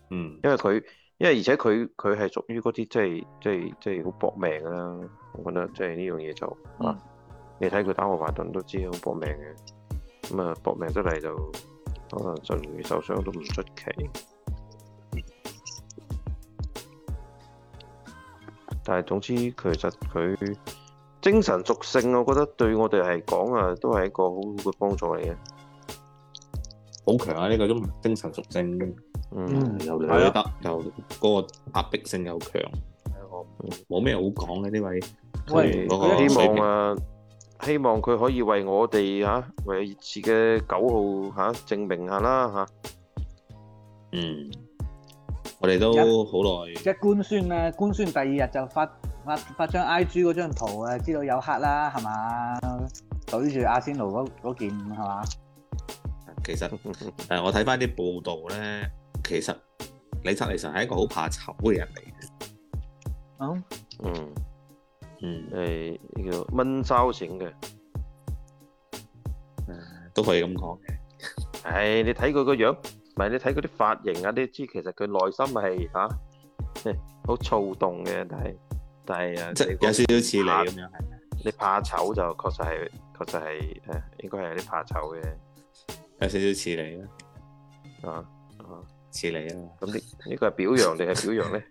嗯，因為佢，因為而且佢佢係屬於嗰啲即係即係即係好搏命噶啦，我覺得即係呢樣嘢就，啊、嗯，你睇佢打臥佛盾都知好搏命嘅，咁啊搏命出嚟就，可能就容易受傷都唔出奇。但係，總之其實佢精神屬性，我覺得對我哋嚟講啊，都係一個好好嘅幫助嚟嘅，好強啊！呢個都精神屬性，嗯，又得又嗰個壓迫性又強，冇、嗯、咩好講嘅呢位，希望啊，希望佢可以為我哋吓、啊、為熱刺嘅九號吓、啊、證明下啦吓、啊，嗯。我哋都好耐，一官宣咧，官宣第二日就發發發張 I G 嗰張圖啊，知道有黑啦，係嘛，懟住阿仙奴嗰件係嘛。其實誒，我睇翻啲報道咧，其實李察利臣係一個好怕醜嘅人嚟嘅、oh? 嗯。嗯嗯嗯，叫悶騷型嘅，誒、呃，都可以咁講嘅。誒、哎，你睇佢個樣。唔係你睇嗰啲髮型啊，你知其實佢內心係嚇，好躁動嘅。但係，但係啊，即係有少少似你咁樣，你怕醜就確實係，確實係誒，應該係有啲怕醜嘅。有少少似你咯，啊啊，似你咯。咁呢？呢個係表揚定係表揚咧？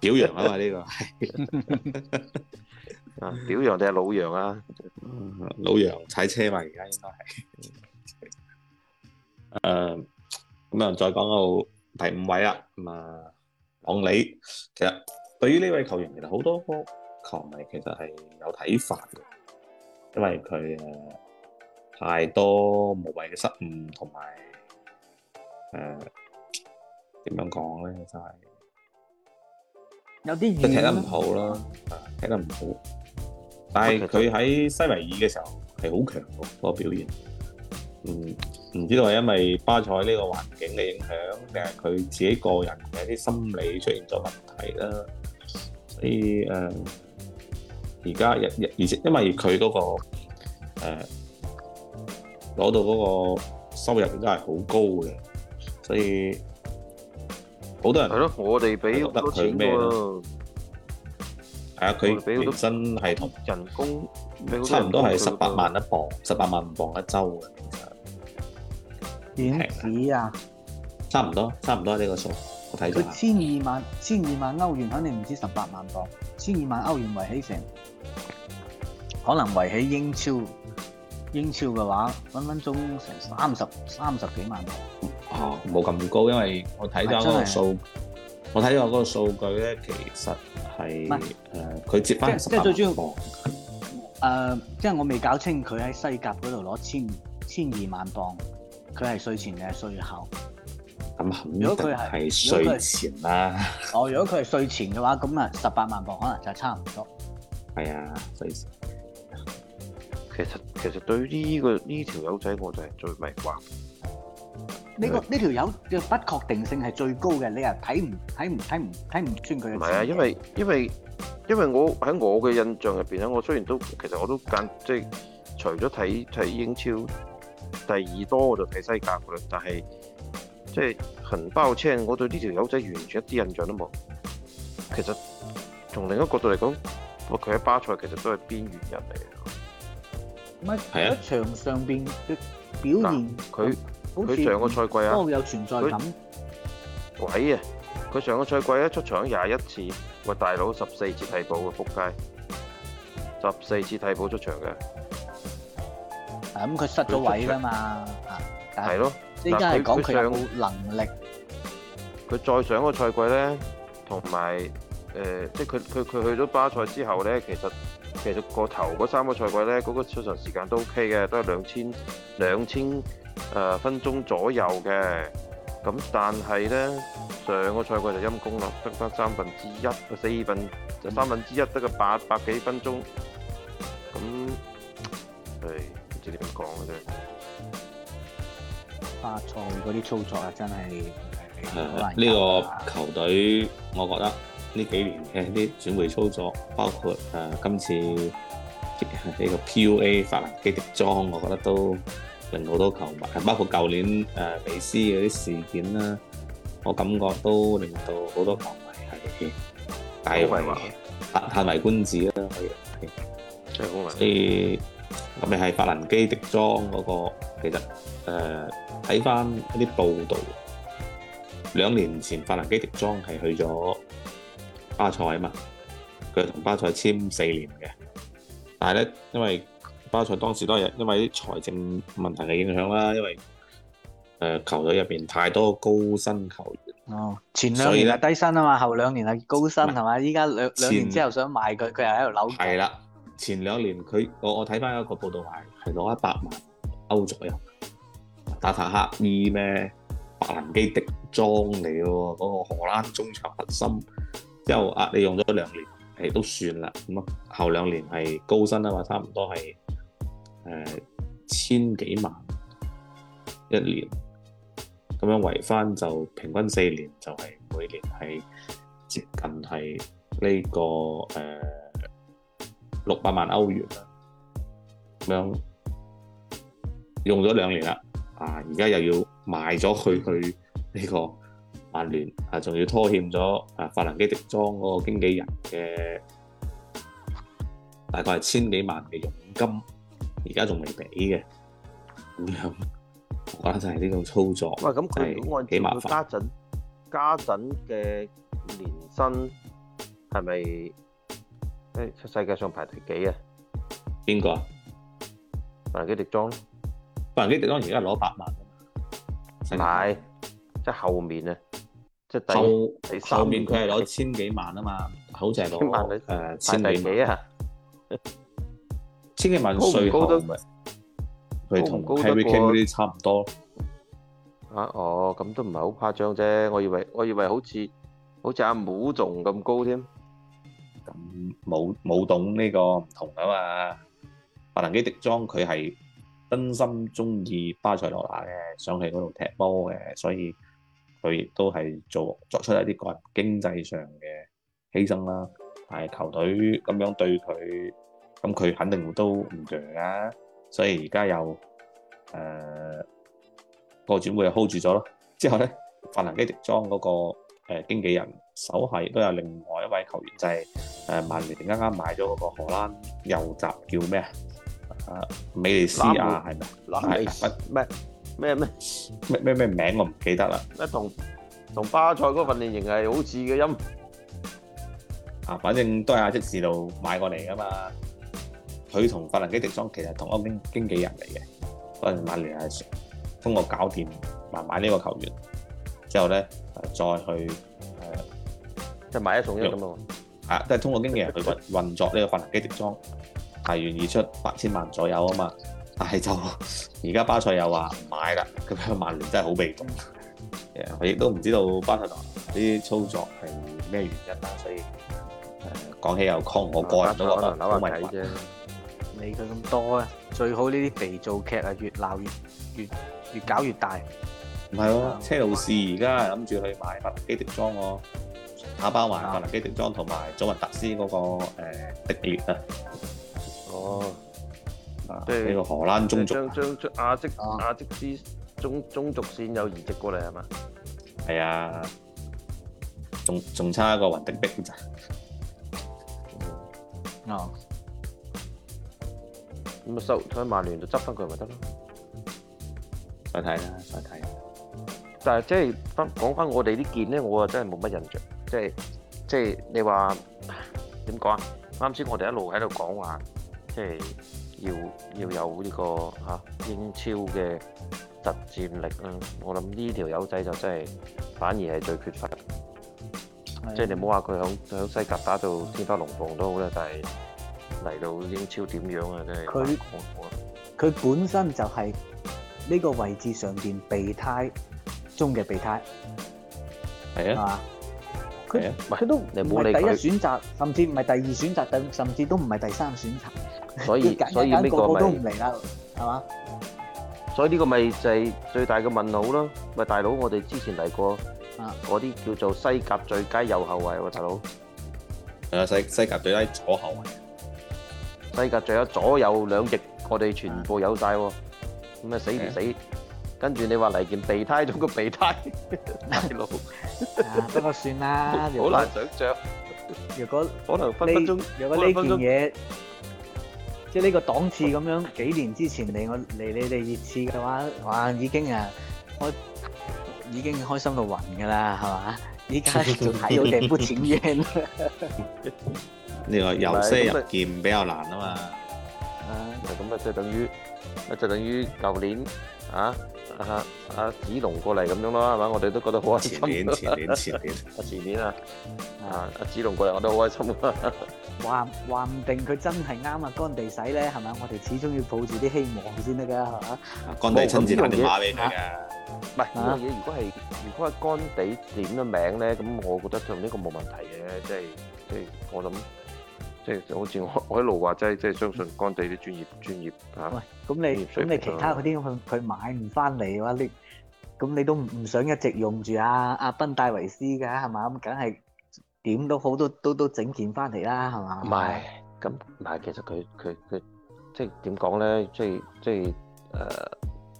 表揚啊嘛，呢個係啊，表揚定係老楊啊？老楊踩車嘛，而家應該係誒。咁啊，再講到第五位啦，咁啊，朗里，其實對於呢位球員，其實好多球迷其實係有睇法嘅，因為佢誒太多無謂嘅失誤同埋誒點樣講咧，就係有啲，就踢得唔好啦，踢得唔好，但係佢喺西維爾嘅時候係好強嘅嗰個表現。嗯，唔知道係因為巴塞呢個環境嘅影響，定係佢自己個人嘅一啲心理出現咗問題啦。所以誒，而家日日而且，因為佢嗰個誒攞到嗰個收入都係好高嘅，所以好多人係咯，我哋俾得佢咩咯。係啊，佢本身係同人工差唔多，係十八萬一磅，十八萬五磅一週嘅。點止啊？差唔多，差唔多呢、啊啊這個數，我睇佢千二萬，千二萬歐元肯定唔止十八萬磅。千二萬歐元圍起成，可能圍起英超，英超嘅話分分鐘成三十、三十幾萬磅。哦，冇、嗯、咁高，因為我睇到個數，我睇到嗰個數據咧，其實係誒，佢接翻。即係最主要。誒、 呃，即係我未搞清佢喺西甲嗰度攞千千二萬磅。佢係稅前定係稅後？咁肯定係稅前啦、啊。 哦，如果佢係稅前嘅話，咁啊十八萬磅可能就差唔多。係、哎、啊，其實其實對呢、呢個呢條友仔我就係最迷惑。呢、呢個呢條友嘅不確定性係最高嘅，你又睇唔睇唔睇唔睇唔穿佢。唔係啊，因為因為因為我喺我嘅印象入邊咧，我雖然都其實我都間即係除咗睇睇英超。第二多我就睇西甲噶啦，但係即係很抱歉，我對呢條友仔完全一啲印象都冇。其實從另一個角度嚟講，喂，佢喺巴塞其實都係邊緣人嚟嘅。唔係喺場上邊嘅表現，佢、嗯、佢、啊、上個賽季啊，有存在感。鬼啊！佢上個賽季一出場廿一次，喂，大佬十四次替補嘅撲街，十四次替補出場嘅。啊咁佢失咗位啦嘛，啊係咯，即係佢講佢有能力。佢再上嗰個賽季咧，同埋誒，即係佢佢佢去咗巴塞之後咧，其實其實個頭嗰三個賽季咧，嗰個出場時間都 OK 嘅，都係兩千兩千誒分鐘左右嘅。咁但係咧上個賽季就陰功啦，得翻三分之一個四分，三分之一得個八百幾分鐘，咁係。點講嘅啫，八創嗰啲操作啊，真係。係啊，呢個球隊，我覺得呢幾年嘅啲轉會操作，包括誒、啊、今次呢、呢個 PUA 法蘭基迪莊，我覺得都令好多球迷，包括舊年誒梅西嗰啲事件啦，我感覺都令到好多球迷係係為，嘆嘆為觀止啦，可以。所以。嗯咁你係法蘭基迪莊嗰、那個，其實誒睇翻一啲報道，兩年前法蘭基迪莊係去咗巴塞啊嘛，佢同巴塞簽四年嘅，但係咧因為巴塞當時都係因為啲財政問題嘅影響啦，因為誒、呃、球隊入邊太多高薪球員，哦，前兩年係低薪啊嘛，後兩年係高薪係嘛，依家兩兩年之後想賣佢，佢又喺度扭計。前兩年我，我看睇翻一個報道係拿攞一百萬歐左右，打伐克二咩，法蘭基的裝嚟喎，嗰、那個荷蘭中場核心，之後呃，你用咗兩年，都算啦，後兩年係高薪差唔多係、呃、千幾萬一年，咁樣維翻就平均四年就係每年係接近係呢、這個、呃六百萬歐元用咗兩年啦、啊、現而家又要賣咗佢去呢、這個曼聯、啊，還仲要拖欠咗、啊、法蘭基迪莊嗰個經紀人嘅大概係千幾萬嘅佣金，而家仲未俾嘅我覺得就係呢種操作，係幾、就是、麻煩。家陣家陣嘅年薪係是咪是？喺、哎、世界上排第幾啊？邊個啊？白雲基地莊，白雲基地莊而家攞百萬，係即係後面啊，即係第3，後面佢係攞千幾萬啊嘛，好似係攞千幾萬，誒、啊，千幾萬啊？千幾萬稅後咪佢同高 v c a 啲差唔多啊？哦，咁都唔係好誇張啫，我以為我以為好似好似阿武仲咁高添。冇冇懂，呢個唔同啊嘛！法蘭基迪莊佢係真心中意巴塞羅那嘅，想去嗰度踢波嘅，所以佢亦都係做作出一啲個人經濟上嘅犧牲啦。但係球隊咁樣對佢，咁佢肯定都唔讓啊。所以而家又誒個轉會 hold 住咗咯。之後咧，法蘭基迪莊嗰、那個誒、呃、經紀人手下亦都有另外一位球員，就係、是。誒，曼聯啱啱買咗嗰個荷蘭右閘叫，叫咩啊？誒，美利斯亞係咪？唔係唔，咩咩咩咩咩名我唔記得啦。一同同巴塞嗰份訓練營係好似嘅音啊，反正都係阿積士度買過嚟噶嘛。佢同法蘭基迪莊其實同一經經紀人嚟嘅，嗰陣曼聯係通過搞掂，埋買呢個球員之後咧，再去即、啊、買一送一咁咯。啊，都係通過經紀人去運運作呢個法蘭基迪莊，係願意出八千萬左右啊嘛，但係就而家巴塞又話唔買啦，咁樣曼聯真係好被動。誒，我亦都唔知道巴塞呢啲操作係咩原因啦，所以誒講、啊、起又空，我個人都覺得唔係嘅，理佢咁多啊！最好呢啲肥皂劇啊，越鬧越越越搞越大。唔係喎，車路士而家諗住去買法蘭基迪莊喎、啊。阿巴環、法蘭基迪莊同埋祖雲達斯嗰、那個誒迪比啊！哦，啊、就、呢、是這個荷蘭中族、啊就是、將將將亞積、啊、亞積斯中中軸線有移植過嚟係嘛？係啊，仲仲差一個雲迪碧咋？啊，咁、哦、啊收喺曼聯就執翻佢咪得咯？再睇啦，再睇。但係即係翻講翻我哋呢件咧，我啊真係冇乜印象。即係即係你話點講啊？啱先我哋一路喺度講話，即係要要有呢、呢個嚇、啊、英超嘅實戰力啦、嗯。我諗呢條友仔就真係反而係最缺乏的的。即係你唔好話佢響響西甲打到天花龍鳳都好啦、嗯，但係嚟到英超點樣啊？真係佢佢本身就係呢個位置上邊備胎中嘅備胎，係啊，係嘛？佢，佢都唔係第一選擇，甚至唔係第二選擇，等甚至都唔係第三選擇。所以所以呢個咪，係嘛？所以呢個咪就係最大嘅問號咯。咪大佬，我哋之前嚟過嗰啲叫做西甲最佳右後衞喎，大佬。係啊，西西甲最佳左後衞。西甲最佳左右兩翼，我哋全部有曬喎。咁啊，死唔死！跟住你話嚟件備胎，仲個備胎，大佬，不過算啦，好難想象。如果可能分分鐘，如果呢件嘢，即係呢個檔次咁樣，幾年之前嚟我嚟你哋熱刺嘅話，哇已經啊，我已經開心到暈㗎啦，係嘛？依家仲睇到這副錢樣，你話由奢入儉比較難啊嘛？啊，就咁啊，即係等於，啊，就等於舊年。啊啊啊！子龍過嚟咁樣咯，係嘛？我哋都覺得好開心。前年、前年、前年啊！前年啊！啊！阿、啊啊啊、子龍過嚟、啊啊啊啊，我都好開心。話話唔定佢真係啱啊！干地洗咧，係嘛？我哋始終要抱住啲希望先得噶，係嘛？干地親自打電話俾你啊！唔係呢樣嘢，如果係如果係干地點嘅名咧，咁我覺得就呢個冇問題嘅，即係即係我諗。好似我我一路話真係真係相信干地啲專業專業嚇。喂，咁你咁你其他嗰啲佢佢買唔翻嚟嘅話，你咁你都唔想一直用住阿阿賓戴維斯㗎係嘛？咁梗係點都好都都都整件翻嚟啦係嘛？唔係，咁唔係其實佢佢佢即係點講咧？即係即係誒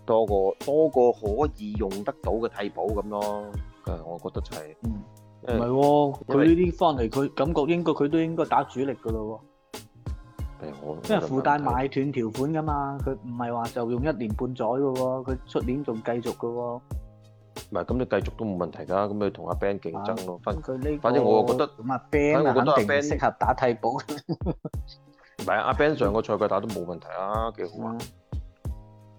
多個多個可以用得到嘅替補咁咯。誒，我覺得就係嗯。唔係喎，佢呢啲翻嚟，佢感覺應該佢都應該打主力噶咯喎。因為附帶買斷條款噶嘛，佢唔係話就用一年半載噶喎，佢出年仲繼續噶喎。唔係，咁你繼續都冇問題㗎，咁你同阿 Ben 競爭咯。反正我覺得，咁啊 Ben 啊，肯定適合打替補。唔係阿 Ben 上個賽季打都冇問題啊，幾好啊！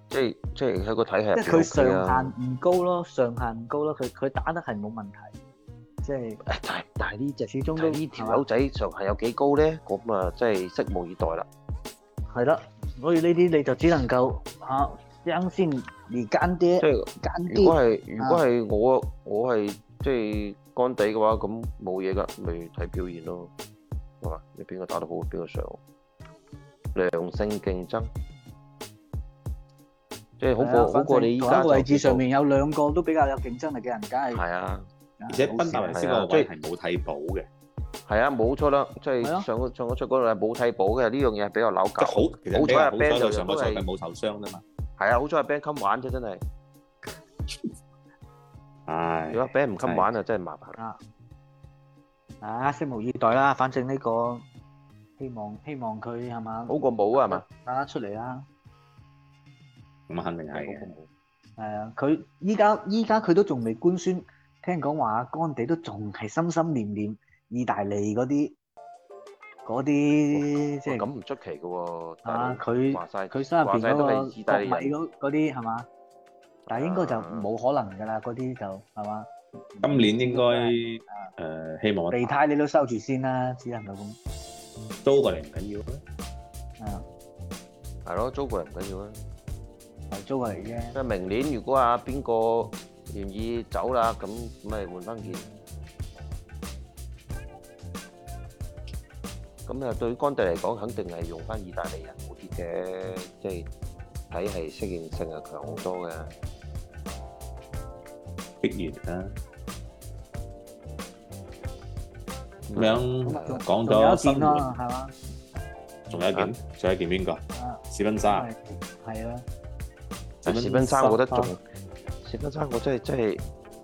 即係即係佢個體係幾好啲啊。即係佢上限唔高咯，上限唔高咯，佢佢打得係冇問題。即係，但係但係呢就始終都呢條友仔上限有幾高咧？咁啊，即係拭目以待啦。係啦，所以呢啲你就只能夠吓相信而間啲。即係，如果係如果係我我係即係干地嘅話，咁冇嘢噶，咪睇表現咯，係嘛？你邊個打得好，邊個上，良性競爭，即係好過好過你依家，個位置上面有兩個都比較有競爭力嘅人，梗係。係啊。而且賓達維斯嗰位係冇替補嘅，係啊冇錯啦，即係上個上個賽嗰度係冇替補嘅呢樣嘢係比較扭摻。好，好彩阿 Ben 又上個賽季冇受傷啊嘛。係啊，好彩阿 Ben 襟玩啫，真係。唉，如果 Ben 唔襟玩啊，真係麻煩。啊，拭目以待啦，反正呢個希望希望佢係嘛，好過冇啊嘛。打得出嚟啦，咁啊肯定係嘅。係啊，佢依家依家佢都仲未官宣。聽講話，阿干地都仲係心心念念意大利嗰啲嗰啲，即係咁唔出奇噶喎。啊，佢佢身入邊嗰個國米嗰嗰啲係嘛？但係應該就冇可能噶啦，嗰啲就係嘛。今年應該誒，希望地攤你都收住先啦，只能夠咁。租過嚟唔緊要啊，係咯，租過嚟唔緊要啊，係租過嚟啫。即係明年如果阿邊個？願意走啦，咁咪換翻件。咁啊，對干地嚟講，肯定係用翻意大利人護貼嘅，即係體系適應性係強好多嘅。必然啦。咁樣講到，仲有一件啊，係嘛？仲有一件，仲有一件邊個？史賓沙。係啦。史賓沙，我覺得仲。紫分沙，我真係真係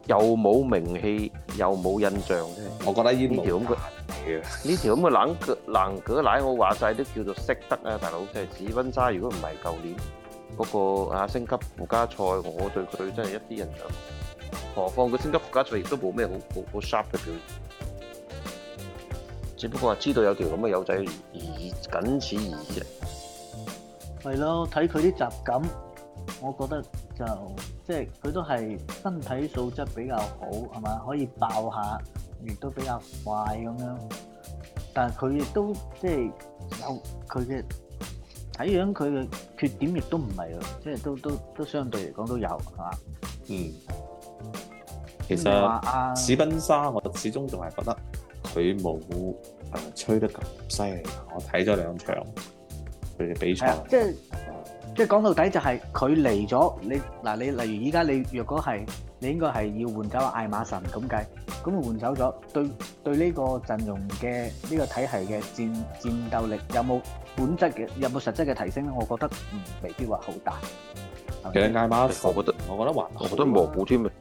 又冇名氣，又冇印象，真係。我覺得呢條咁嘅，呢條咁嘅冷葛冷葛奶，我話曬都叫做識得啊，大佬。即係紫分沙，如果唔係舊年嗰個啊升級附加賽，我對佢真係一啲印象。何況佢升級附加賽亦都冇咩好好好 sharp 嘅表現，只不過話知道有條咁嘅友仔，而僅此而已。係咯，睇佢啲雜感。我覺得就即係佢都係身體素質比較好係嘛，可以爆下，亦都比較快咁樣。但係佢亦都即係有佢嘅睇樣，佢嘅缺點亦都唔係咯，即係都都都相對嚟講都有係嘛。嗯，其實史賓莎我始終仲係覺得佢冇吹得咁犀利，我睇咗兩場佢嘅比賽。即係講到底，就係佢離咗你嗱，你例如依家你若果係，你應該係要換走艾馬臣咁計，咁換走咗，對對呢個陣容嘅呢個體系嘅戰戰鬥力有冇本質嘅有冇實質嘅提升咧？我覺得嗯，未必話好大。其實艾馬臣，我覺得我覺得還好，我覺得無補添啊。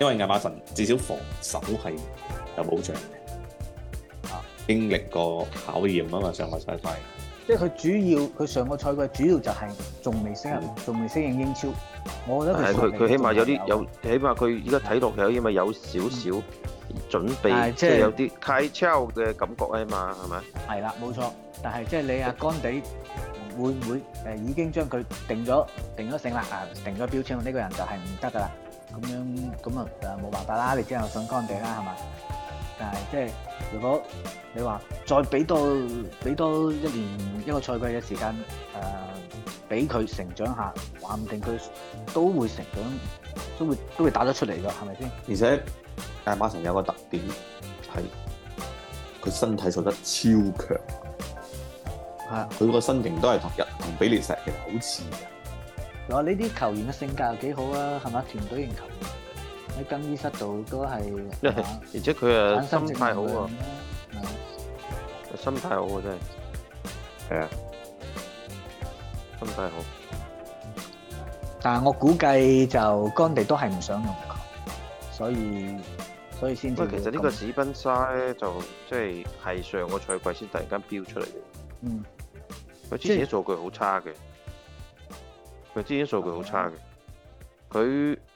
因為艾馬臣至少防守係有保障嘅，啊經歷過考驗啊嘛，上個賽季。即係佢主要，佢上個賽季主要就係仲未適合，仲未適應英超。我覺得其實佢佢起碼有啲有，起碼佢依家睇落嚟，因為有少少準備，即係有啲 KTL 嘅感覺啊嘛，係咪？係啦，冇錯。但係即係你阿干地會唔會誒已經將佢定咗定咗性啦？啊，定咗標籤呢個人就係唔得噶啦。咁樣咁啊，冇辦法啦，你只有信干地啦，係咪？但係，即係如果你話再俾多俾多一年一個賽季嘅時間，誒、呃，俾佢成長下，話唔定佢都會成長，都會都會打得出嚟㗎，係咪先？而且，阿、啊、馬神有個特點係佢身體素質超強，係啊，佢個身型都係同日同比利石其實好似㗎。嗱，呢啲球員嘅性格又幾好啊，係咪啊？團隊型球員。喺更衣室度都係，而且佢啊心態好啊，心態好啊真係，係啊，心態好，啊好，啊、好。但係我估計就干地都係唔想用，所以所以先。不過其實呢個史賓沙咧，就即係係上個賽季先突然間飆出嚟嘅。嗯，佢之前數據好差嘅，佢之前數據好差嘅，佢。他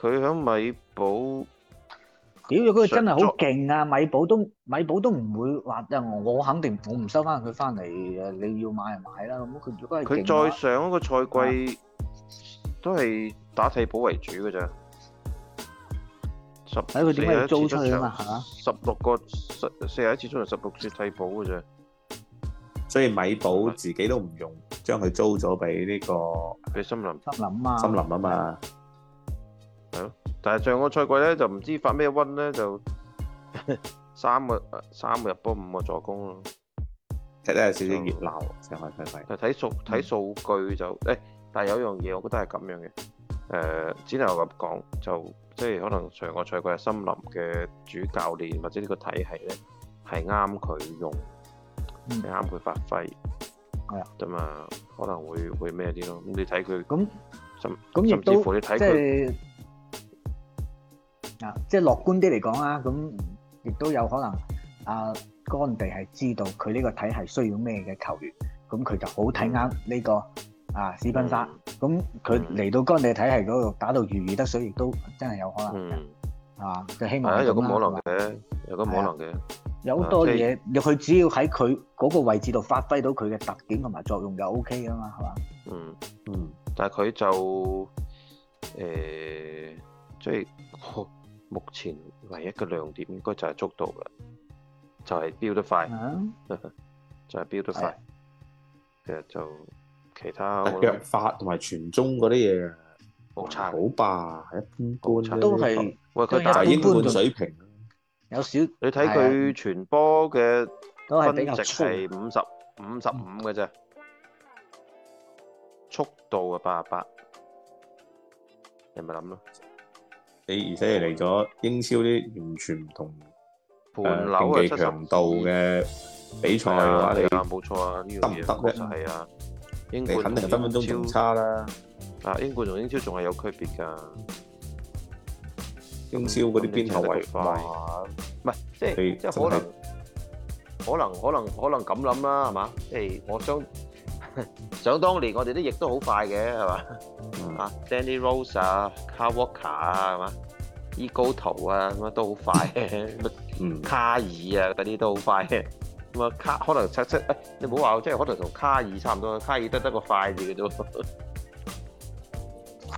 佢喺米堡，屌！佢嗰個真係好勁啊！米堡都米堡都唔會話，我肯定我唔收翻佢翻嚟嘅。你要買就買啦。佢再上一個賽季都係打替補為主嘅啫。睇佢點解要租出去啊嘛？十六個十四啊一次出嚟十六次替補嘅啫。所以米堡自己都唔用，將佢租咗俾呢個俾森林森林啊，森林啊嘛。係咯，但係上個賽季咧就唔知發咩瘟咧，就三個三個入波，五個助攻咯，睇 得有少少熱鬧，就睇數睇數據就誒、嗯欸，但係有樣嘢，我覺得係咁樣嘅誒、呃，只能咁講，就即係可能上個賽季係森林嘅主教練或者呢個體系咧係啱佢用，係啱佢發揮係啊，咁啊可能會會咩啲咯，咁你睇佢咁甚咁甚至乎你睇佢。啊、即係樂觀啲嚟講啊，咁亦都有可能啊，干地係知道佢呢個體系需要咩嘅球員，咁佢就好睇啱呢個、嗯、啊史賓沙，咁佢嚟到干地體系嗰度打到如魚得水，亦、嗯、都真係有可能嘅，係嘛、嗯？就希望、啊、有咁可能嘅，有咁可能嘅、啊，有好多嘢，佢只要喺佢嗰個位置度發揮到佢嘅特點同埋作用就 O K 啊嘛，係嘛？嗯嗯，嗯，但係佢就誒即係。呃目前唯一嘅亮點應該就係速度啦，就係飆得快，就係飆得快。其實就其他腳法同埋傳中嗰啲嘢冇差，好吧，一般般都係就係一般水平，有少，你睇佢傳波嘅分值係五十五十五嘅啫，速度啊八十八，你咪諗咯。你而且嚟咗英超啲完全唔同，競技強度嘅比賽嘅話，你冇錯啊，呢樣嘢得唔得咧？係啊，英冠肯定分分鐘仲差啦，啊，英冠同英超仲係有區別㗎，英超嗰啲邊後違法，唔係即係即係可能可能可能可能咁諗啦，係嘛？即係我想。想當年我哋啲亦都好快嘅係嘛，啊 Danny Rose 啊，Car Walker 啊係嘛，Eagle 圖啊咁啊都好快嗯，卡爾啊嗰啲都好快咁啊卡可能七七、哎，你唔好話即係可能同卡爾差唔多，卡爾得得個快字嘅啫。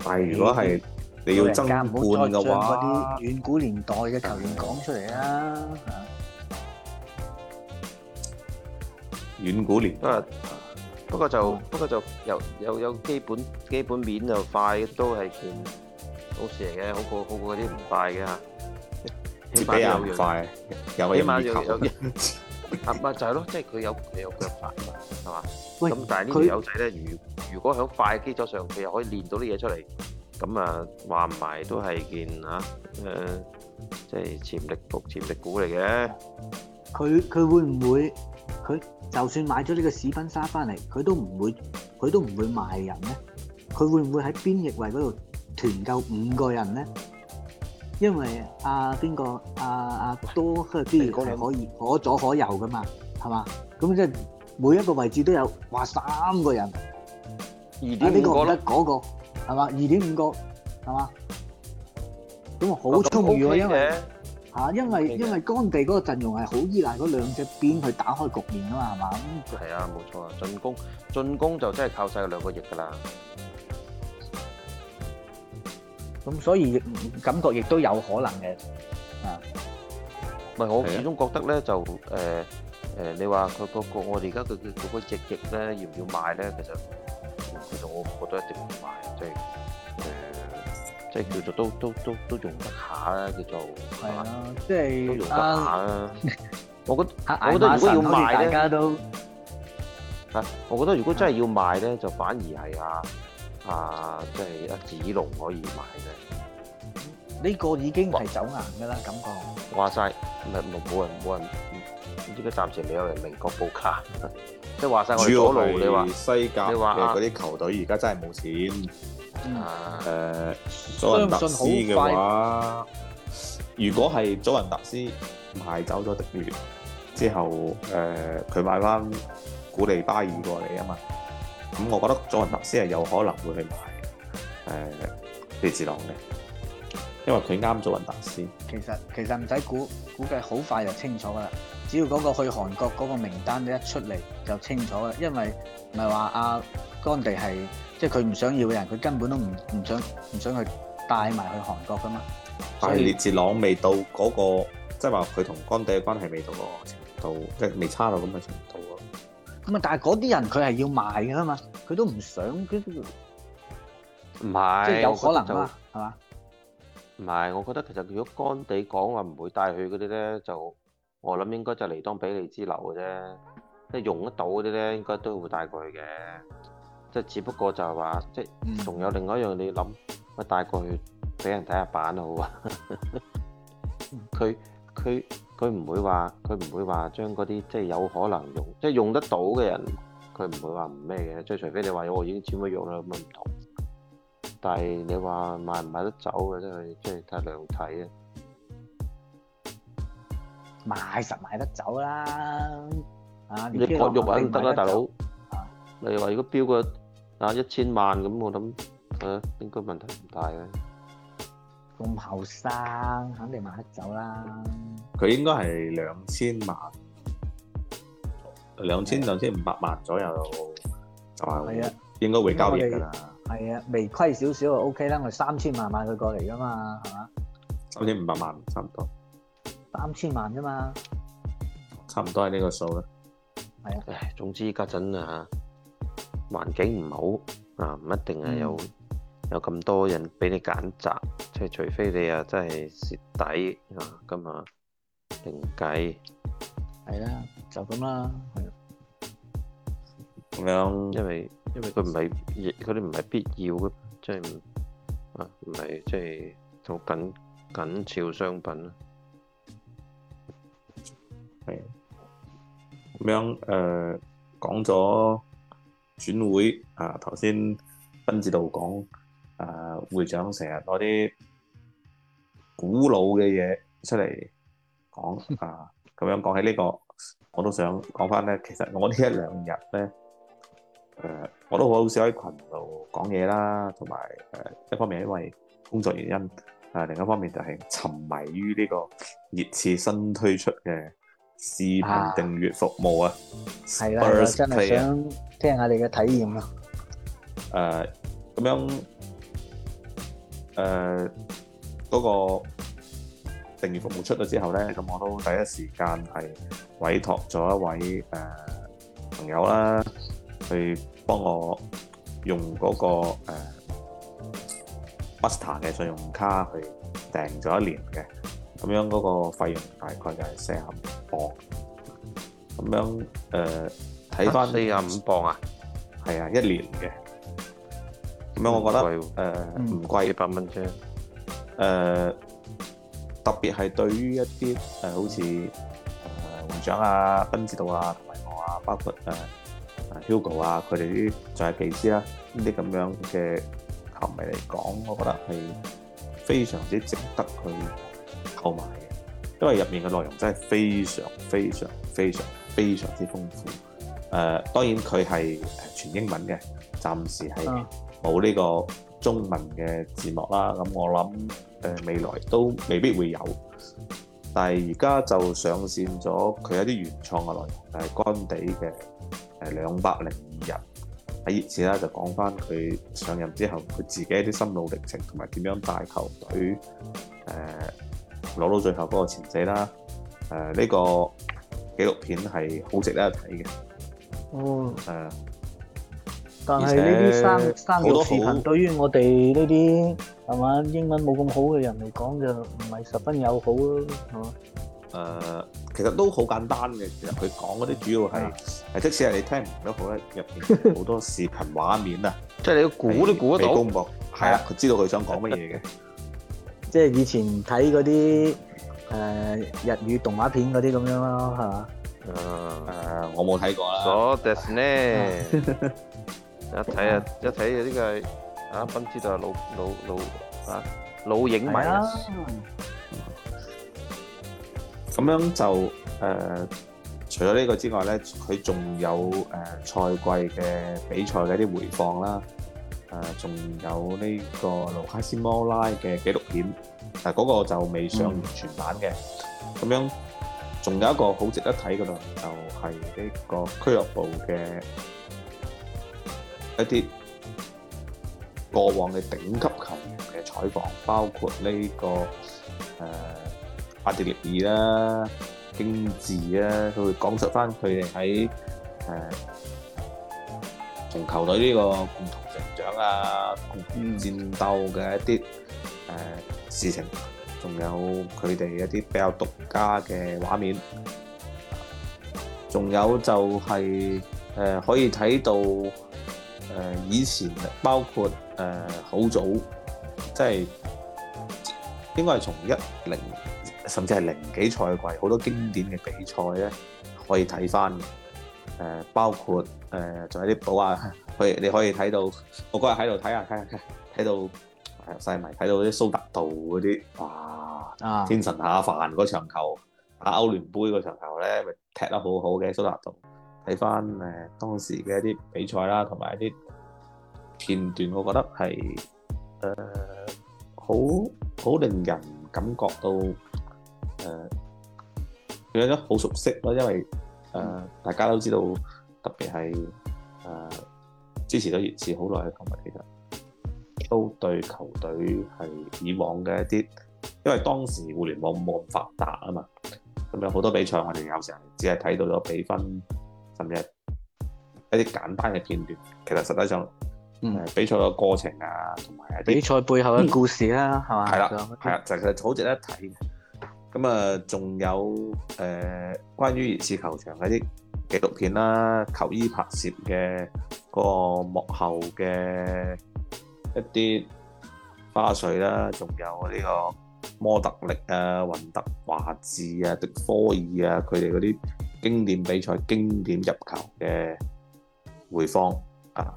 但係如果係你要爭冠嘅話，遠古年代嘅球員講出嚟啊，係遠古年代。啊不過就不過就有有有基本基本面就快都係件好事嚟嘅，好過好過嗰啲唔快嘅嚇。起碼又快，起碼又有啲，係咪就係咯，即係佢有佢有腳法，係嘛？咁但係呢條友仔咧，如如果響快嘅基礎上，佢又可以練到啲嘢出嚟，咁啊話唔埋都係件啊誒，即係潛力股潛力股嚟嘅。佢佢會唔會佢？就算買咗呢個屎賓沙翻嚟，佢都唔會，佢都唔會賣人咧。佢會唔會喺邊翼位嗰度團購五個人咧？因為阿邊個阿阿多，居然係可以可左可右噶嘛，係嘛？咁即係每一個位置都有話三個人，點呢個唔得嗰個係嘛？二點五個係嘛？咁好重要，因為啊、因為因為乾地嗰個陣容係好依賴嗰兩隻邊去打開局面啊嘛，係嘛？係啊，冇錯啊，進攻進攻就真係靠晒兩個翼㗎啦。咁、嗯、所以感覺亦都有可能嘅，啊，唔係我始終覺得咧、啊、就、呃、你話佢個個我哋而家佢嘅隻翼咧要唔要賣咧？其實其實我覺得都一定要賣，真。叫做都都都都用得下啦，叫做係咯，即係、啊，就是、都用得下啦、啊。我覺我覺得如果要賣咧，啊，我覺得如果真係要賣咧，就反而係啊啊，即係阿子龍可以賣咧。呢、呢個已經係走硬噶啦，感覺。話晒係冇人冇人，依家暫時未有人明確報價。即係話晒，主要係西甲嘅嗰啲球隊而家真係冇錢。誒、嗯，所、呃、祖雲達斯嘅話，如果係祖雲達斯賣走咗迪元之後，誒、呃，佢買翻古利巴爾過嚟啊嘛，咁我覺得祖雲達斯係有可能會去買誒、呃，李治朗嘅，因為佢啱祖雲達斯。其實其實唔使估，估計好快就清楚噶啦，只要嗰個去韓國嗰個名單一出嚟就清楚啦，因為唔係話阿干地係。即係佢唔想要嘅人，佢根本都唔唔想唔想去帶埋去韓國噶嘛。但係列治朗未到嗰、嗰個，即係話佢同干地嘅關係未到個程度，即係未差到咁嘅程度咯。咁啊，但係嗰啲人佢係要賣㗎嘛，佢都唔想。唔係，即係有可能啊，係嘛？唔係，我覺得其實如果干地講話唔會帶去嗰啲咧，就我諗應該就嚟當比利之流嘅啫。即係用得到嗰啲咧，應該都會帶過去嘅。即係只不過就係話，即係仲有另外一樣你諗，咪帶過去俾人睇下板好啊。佢佢佢唔會話，佢唔會話將嗰啲即係有可能用，即係用得到嘅人，佢唔會話唔咩嘅。即係除非你話我已經簽咗約啦咁啊唔同。但係你話賣唔賣得走嘅真係，即係，即係，太量體啊。賣實賣得走啦，啊！你割肉啊唔得啦，大佬。你例如話如果標個。啊，一千萬咁我諗，誒，應該問題唔大嘅。咁後生肯定咪吃酒啦。佢應該係兩千萬，兩千兩千五百萬左右就係應該會交易噶啦。係啊，微虧少少就 OK 啦。我三千萬買佢過嚟噶嘛，係嘛？三千五百萬差唔多。三千萬啫嘛。差唔多係呢個數啦。係啊。唉，總之家陣啊。環境唔好啊，唔一定啊，有有咁多人俾你揀擇，即係除非你啊，真係蝕底啊咁啊，另計。係啦，就咁啦。咁樣，因為因為佢唔係，佢哋唔係必要嘅，即係啊，唔係即係好緊緊俏商品咯。係咁樣誒講咗。轉會啊！頭先斌指導講啊，會長成日攞啲古老嘅嘢出嚟講啊，咁樣講起呢個，我都想講翻咧。其實我呢一兩日咧，誒、啊、我都好少喺群度講嘢啦，同埋誒一方面因為工作原因，啊另一方面就係沉迷於呢個熱刺新推出嘅視頻訂閱服務啊，係啊，係係 Spurs Play，真係想聽下你嘅體驗啊。誒、呃，咁樣誒嗰、嗯呃嗰個訂閱服務出咗之後咧，咁我都第一時間係委託咗一位誒、呃、朋友啦、啊，去幫我用嗰、嗰個、呃、Buster 嘅信用卡去訂咗一年嘅，咁樣嗰個費用大概就係四廿咁樣誒，睇、呃、翻四十五磅啊，係啊，一年嘅咁樣，我覺得誒唔貴，一、嗯呃、百蚊啫。誒、呃，特別係對於一啲誒、呃、好似會、呃、長啊、斌指導啊、同埋我啊，包括誒、呃、Hugo 啊，佢哋啲就係技師啦、啊，呢啲咁樣嘅球迷嚟講，我覺得係非常之值得去購買嘅。因為入面嘅內容真係非常非常非常非常之豐富，誒、呃、當然佢係全英文嘅，暫時係冇呢個中文嘅字幕啦。咁我諗誒、呃、未來都未必會有，但係而家就上線咗佢一啲原創嘅內容，係、就、干、是、地嘅誒兩百零二日喺熱刺啦，就講翻佢上任之後佢自己一啲心路歷程同埋點樣帶球隊誒。呃攞到最後嗰個錢仔啦！誒、呃，呢、這個紀錄片係好值得一睇嘅。哦、嗯。誒、呃。但係呢啲生生活視頻對於我哋呢啲係嘛英文冇咁好嘅人嚟講，就唔係十分友好咯。誒、呃，其實都好簡單嘅，其實佢講嗰啲主要係， 即使係你聽唔到，好咧，入邊好多視頻畫面啊。即係你估都估得到。未公佈。係啊，佢知道佢想講乜嘢嘅。 即係以前睇嗰啲誒日語動畫片嗰啲咁樣咯，係嘛、uh, uh, 啊？我冇睇過啦。So t h 一睇啊，一睇有啲嘅啊，斌知道係老老老啊老影迷啊。咁樣就、呃、除咗呢個之外咧，佢仲有誒、呃、賽季嘅比賽嘅啲回放啦。誒、呃，仲有呢個盧卡斯摩拉嘅紀錄片，嗱、那、嗰個就未上完全版嘅，咁、嗯、樣仲有一個好值得睇嘅嘞，就係呢個俱樂部嘅一啲過往嘅頂級球員嘅採訪，包括呢、這個誒阿德利爾啦、經、呃啊、治啦、啊，佢會講述翻佢哋喺誒。呃同球隊呢個共同成長啊，共同戰鬥嘅一啲誒、呃、事情，仲有佢哋一啲比較獨家嘅畫面，仲有就係、是、誒、呃、可以睇到誒、呃、以前包括誒好、呃、早，即係應該係從一零甚至係零幾賽季，好多經典嘅比賽咧可以睇翻。誒、呃、包括誒仲、呃、有啲寶啊，佢你可以睇到，我嗰日喺度睇下睇下睇到細迷睇到啲蘇達度嗰啲，哇！啊，天神下凡嗰場球，打歐聯杯嗰場球咧，咪踢得好好嘅蘇達度。睇翻誒當時嘅一啲比賽啦，同埋一啲片段，我覺得係誒好好令人感覺到誒有咗好熟悉咯，因為。誒、呃，大家都知道，特別係誒、呃、支持咗熱刺好耐嘅球迷其實都對球隊係以往嘅一啲，因為當時互聯網冇咁發達啊嘛，咁有好多比賽我哋有時只係睇到咗比分，甚至係一啲簡單嘅片段，其實實際上，嗯，呃、比賽嘅過程啊，同埋比賽背後嘅故事啦、啊，係、嗯、嘛？係啦，係啊，其實好值得一睇嘅。咁啊，仲有誒關於熱刺球場嗰啲紀錄片啦、球衣拍攝嘅嗰個幕後嘅一啲花絮啦，仲有呢個摩特力啊、雲特華治啊、迪科爾啊，佢哋嗰啲經典比賽經典入球嘅回放啊。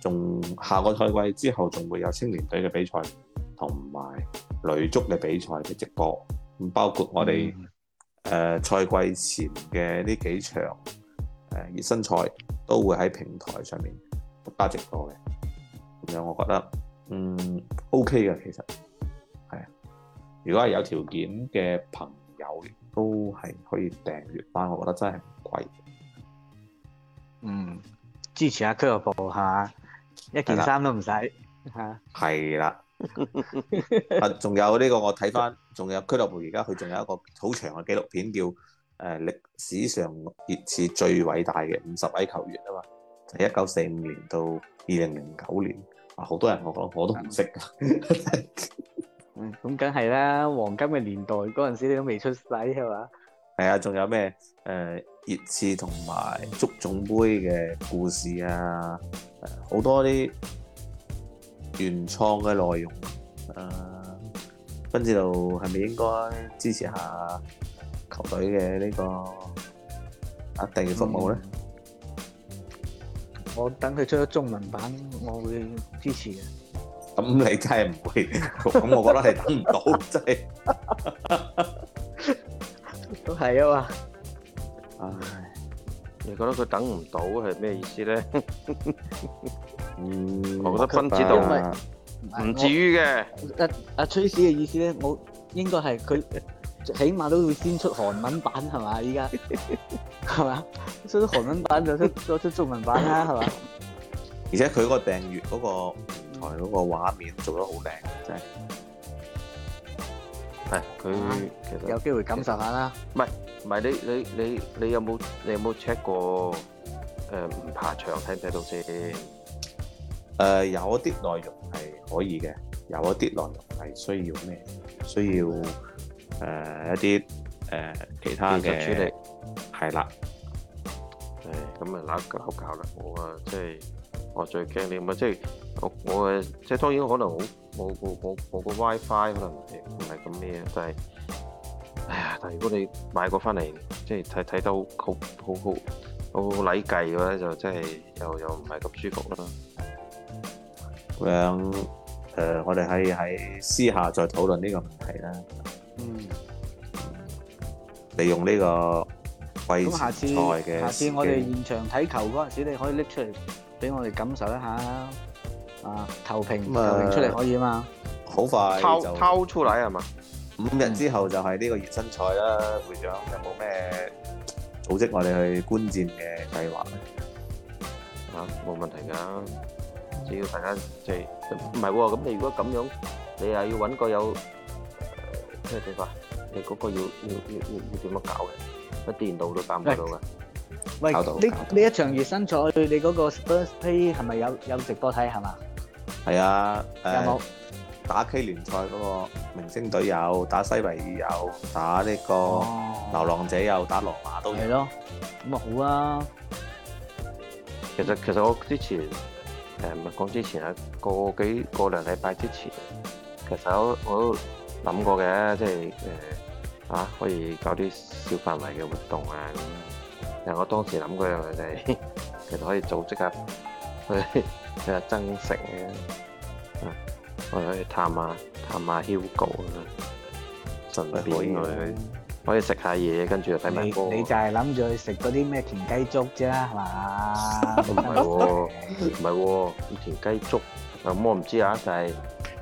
仲下個賽季之後仲會有青年隊嘅比賽同埋女足嘅比賽嘅直播。唔包括我哋誒、嗯呃、賽季前嘅呢幾場誒、呃、熱身賽，都會喺平台上面獨家直播嘅。咁樣我覺得嗯 OK 嘅，其實係啊。如果係有條件嘅朋友都係可以訂閱返，我覺得真係唔貴。嗯，支持下、啊、俱樂部係嘛，一件衫都唔使嚇。係啦。 啊，仲有呢個我睇翻，仲有俱樂部而家佢仲有一個好長嘅紀錄片，叫誒呃、歷史上熱刺最偉大嘅五十位球員啊嘛，就一九四五年到二零零九年啊，好多人我講我都唔識噶、 嗯，嗯，咁梗係啦，黃金嘅年代嗰陣時你都未出世係嘛？係啊，嗯、仲有咩誒熱刺同埋足總杯嘅故事啊，呃、好多啲。原創嘅內容，分、呃、不知道係咪應該支持一下球隊嘅呢個訂閱嘅服務咧、嗯？我等佢出咗中文版，我會支持嘅。咁、嗯、你梗係唔會，咁 我覺得你等唔到， 真係的笑都係啊嘛。你覺得佢等唔到係咩意思咧？ 嗯，我覺得分子都啊，唔至於嘅。阿阿崔師嘅意思咧，我應該係佢起碼都會先出韓文版係嘛？依家係嘛？ 出咗韓文版就出再 出中文版啦係嘛？而且佢嗰個訂閲嗰個台嗰個畫面做得好靚，真係。嗯係佢，其實有機會感受下啦。唔係唔係，你你你你有冇你有冇 check 過？誒唔爬牆睇唔睇到啫。誒有啲內容係可以嘅，有一啲內容係需要咩？需要誒一啲誒其他嘅。技術處理係啦。誒咁啊，攞個口搞啦！我啊，即係我最驚你，我即係。我我誒，即係當然可能冇冇個冇個 WiFi，可能唔係咁咩，就係，哎呀！但係如果你買過翻嚟，即係睇睇到好好好好禮計嘅話咧，就真係又又唔係咁舒服囉。咁樣誒，我哋可以喺私下再討論呢個問題啦。嗯。利用呢個位嘅。咁下次，下次我哋現場睇球嗰陣時，你可以拎出嚟俾我哋感受一下。投屏，投屏出嚟可以啊嘛，好快，拋拋出嚟係嘛？五日之後就係呢個熱身賽啦，會長有冇咩組織我哋去觀戰嘅計劃？啊，冇問題噶，只要大家即係唔係喎？咁你如果咁樣，你又要搵個有咩情況？你嗰個要要要要點樣搞嘅？乜電腦都打唔到噶，喂，呢呢一場熱身賽，你嗰個 SPURS PLAY 係咪有有直播睇係嘛？係啊，誒、呃、打 K 聯賽嗰個明星隊友，打西維爾又，打呢個流浪者又，打羅馬都係咯，咁啊好啊。其實其實我之前誒唔係講之前啊，個幾個兩禮拜之前，其實我都諗過嘅，即係誒啊可以搞啲小範圍嘅活動啊咁。但我當時諗嗰樣就係其實可以組織啊去。 又增食嘅，啊，我哋去探下探下 Hugo 啊，順便去可以食下嘢，跟住就睇埋歌。你你就係諗住去食嗰啲咩田雞粥啫，係嘛？唔係喎，唔係喎，田雞粥咁我唔知啊，就係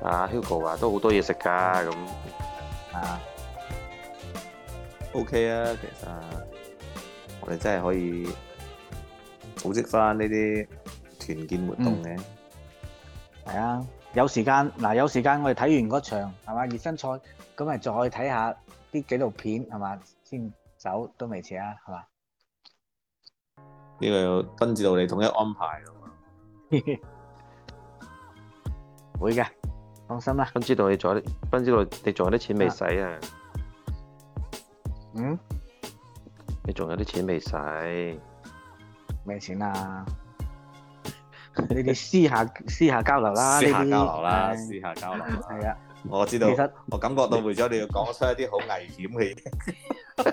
啊 Hugo 話都好多嘢食㗎咁啊。OK 啊，其實我哋真係可以組織翻呢啲。團建活動嘅，係啊，有時間嗱，有時間我哋睇完嗰場係嘛，熱身賽，咁咪再睇下啲紀錄片係嘛，先走都未遲啊，係嘛？呢個斌指導你統一安排噶嘛？會嘅，放心啦。斌指導你仲有啲，斌指導你仲有啲錢未使啊？嗯，你仲有啲錢未使？咩錢啊？你哋私下私下交流啦，私下交流啦，私下交流。係啊，我知道。其實我感覺到會咗，你要講出一啲好危險嘅嘢。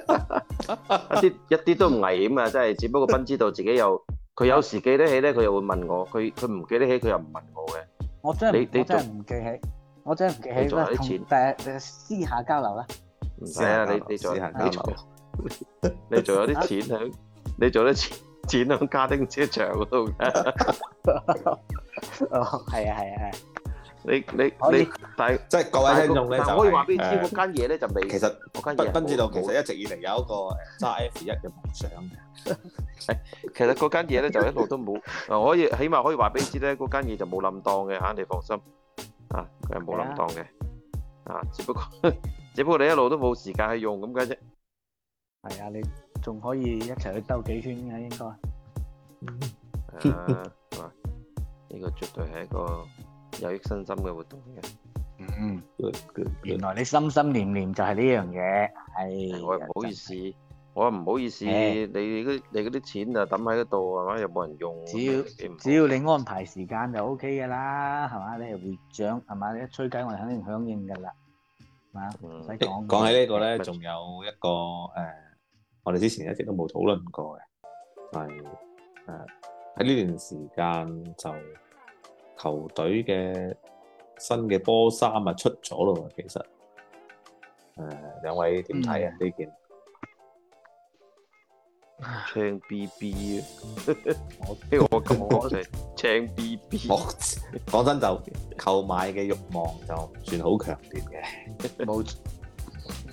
一啲一啲都唔危險啊，真係。只不過斌知道自己又，佢有時記得起咧，佢又會問我。佢佢唔記得起，佢又唔問我嘅。我真係我真係唔記起，我真係唔記起啦。同，但係你私下交流啦。係啊，你你再你再，你仲有啲錢響，你做咗啲錢。剪到家丁車場嗰度，哦，係啊，係啊，係。你你你，但即係各位聽眾咧，就可以話俾你知，嗰間嘢咧就未。其實，嗰間嘢冇。斌指導其實一直以嚟有一個揸 F 一嘅夢想嘅。其實嗰間嘢咧就一路都冇，可以起碼可以話俾你知咧，嗰間嘢就冇冧檔嘅嚇，你放心。啊，佢係冇冧檔嘅。啊，只不過只不過你一路都冇時間去用咁解啫。係啊，你。仲可以一齊去兜幾圈㗎，應該係啊，呢個絕對係一個有益身心嘅活動嘅。嗯，原來你心心念念就係呢樣嘢。係，我唔好意思，我唔好意思，你嗰你嗰啲錢啊抌喺嗰度係嘛，又冇人用。只要只要你安排時間就 O K 㗎啦，係嘛？你係會長係嘛？你一吹雞我哋肯定響應㗎啦，係嘛？唔使講。講起呢個咧，仲有一個誒。我哋之前一直都冇討論過嘅，係誒喺呢段時間就球隊嘅新嘅波衫啊出咗咯。其實誒兩位點睇啊呢件？青 B B，我我咁講就係，青 B B，講真就購買嘅慾望就唔算好強烈嘅。冇，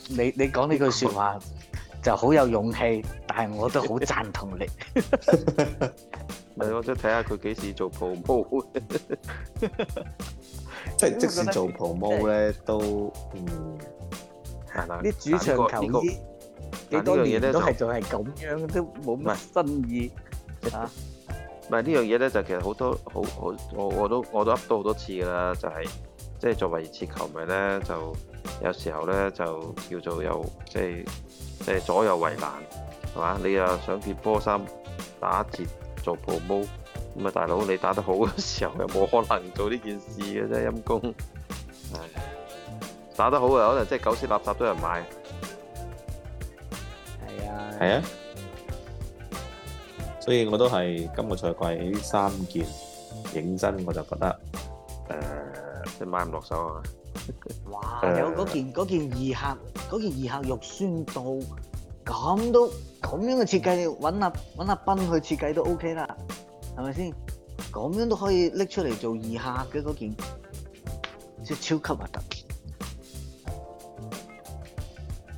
你你講呢句説話。就好有勇氣，但係我都好贊同你。唔係，我想睇下佢幾時做 promo。即係即使做 promo 咧，都嗯係啦。啲主場球衣幾多樣嘢都係仲係咁樣，都冇乜新意。嚇！唔係呢樣嘢咧，就其實好多好好，我我都我都噏到好多次㗎啦，就係即係作為熱刺球迷咧就。有時候咧就叫做有即係即係左右為難，係嘛？你又想貼波衫打折做 promo，咁啊，大佬，你打得好嘅時候又冇可能做呢件事嘅，真係陰公，唉！打得好啊，可能真係狗屎垃圾都有人買。係啊。係啊。所以我都係今個賽季呢三件，認真我就覺得誒真係買唔落手啊。哇！ 有嗰那件嗰 件二客嗰件二客肉酸度咁都咁樣嘅設計，你揾阿揾阿斌去設計都 OK 啦，係咪先？咁樣都可以拎出嚟做二客嘅嗰件，即係超級核突。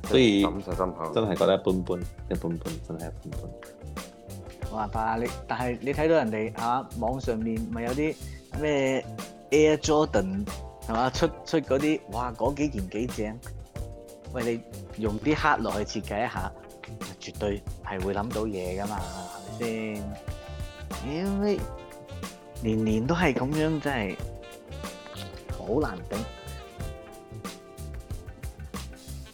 所以 真係覺得一般般，一般般，真係一般般。哇！但係你但係你睇到人哋吓網上面咪有啲咩 Air Jordan？係嘛？出出嗰啲，哇！嗰幾件幾正，喂，你用啲黑落去設計一下，絕對係會諗到嘢噶嘛，係咪先？屌你，年年都係咁樣，真係好難頂。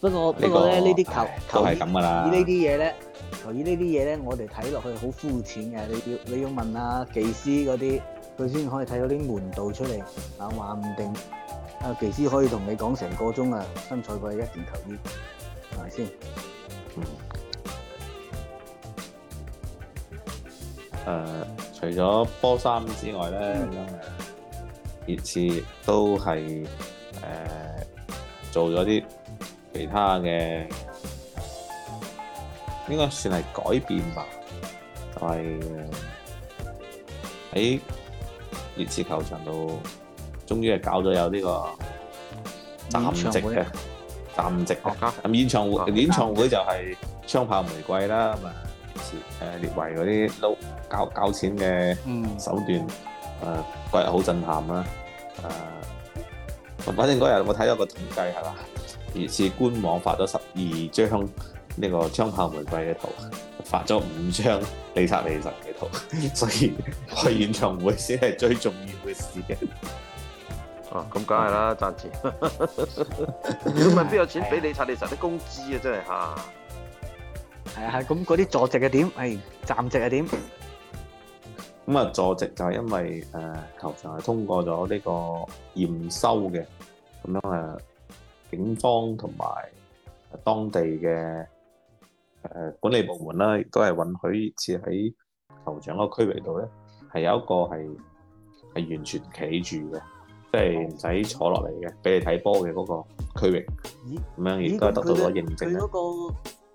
不過不過咧，呢啲球都係咁噶啦。以呢啲嘢咧，就以呢啲嘢咧，我哋睇落去好膚淺嘅。你要你要問啊，技師嗰啲，佢先可以睇到啲門道出嚟。啊，話唔定。啊！技師可以同你講成個鐘啊！新賽季一啲球衣，係咪先？嗯。呃、除咗波衫之外咧，熱、嗯、刺都係誒、呃、做咗啲其他嘅，應該算係改變吧。係喺熱刺球場度。終於係搞到有呢個暫值嘅暫停嘅，演唱會，的、啊演，唱會啊、演唱會就係槍炮玫瑰啦，咁啊誒、啊、列為嗰啲撈搞搞錢嘅手段，誒嗰日好震撼啦，誒、啊，反正嗰日我睇咗個統計係咪？而次官網發咗十二張呢個槍炮玫瑰嘅圖，啊、發咗五張李察利臣嘅圖，所以開演唱會先係最重要嘅事嘅。哦，咁梗係啦，暫時。如果你問邊有錢俾你擦地神啲工資啊？真係嚇。係啊係。咁嗰啲坐席係點？誒站席係點？咁啊坐席就係因為誒球場係通過咗呢個驗收嘅，咁樣啊警方同埋當地嘅誒管理部門啦，亦都係允許設喺球場嗰個區域度咧，係有一個係係完全企住嘅。即係唔使坐落嚟嘅，俾、哦、你睇波嘅嗰個區域，咁樣亦都係得到咗認證。佢嗰個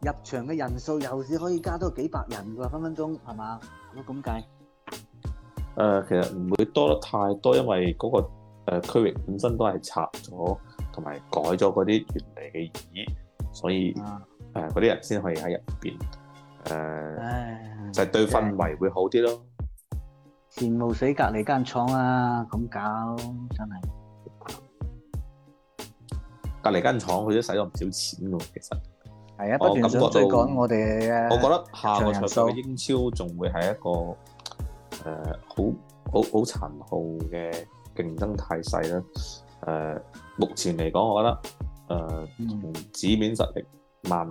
入場嘅人數又是可以加多幾百人㗎，分分鐘係嘛？咁計？誒、那個呃，其實唔會多得太多，因為嗰、那個誒、呃、區域本身都係拆咗，同埋改咗嗰啲原嚟嘅椅，所以誒嗰啲人先可以喺入邊誒，就係、對氛圍會好啲咯。羨慕死隔離間廠啊，咁搞真係，隔籬間廠佢都使咗唔少錢嘅，其實。係啊，不斷上到。我感覺講我哋，我覺得下個賽季英超仲會係一個，誒、嗯，好好好殘酷嘅競爭態勢啦。誒、呃，目前嚟講，我覺得，誒、呃、同、嗯、紙面實力曼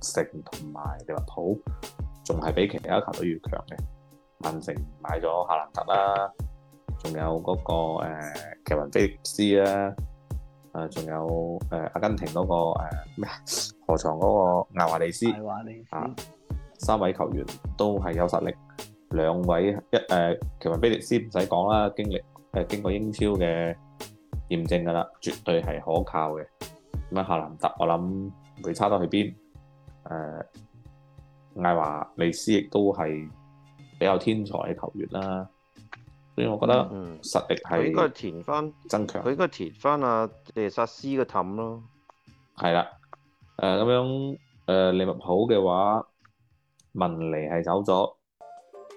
城同埋利物浦，仲係比，比其他球隊要強嘅。曼城買咗夏蘭特啦、啊，仲有嗰、那個誒、呃、奇雲菲利，利斯啦、啊，仲、呃、有、呃、阿根廷嗰、那個誒咩、呃、河床嗰、那個艾華利斯，華利斯、啊，三位球員都係有實力，兩位一誒、呃、奇雲菲利斯唔使講啦，經歷、呃、經過過英超嘅驗證㗎啦，絕對係可靠嘅。咁啊夏蘭特我諗唔會差到去邊，誒、呃、艾華利斯亦都係。比較天才嘅球員啦，所以我覺得實力係，佢、嗯嗯、應該填翻增強，佢應該填翻阿薩斯嘅氹咯。係啦，誒、呃、咁樣，誒、呃、利物浦嘅話，文尼係走咗，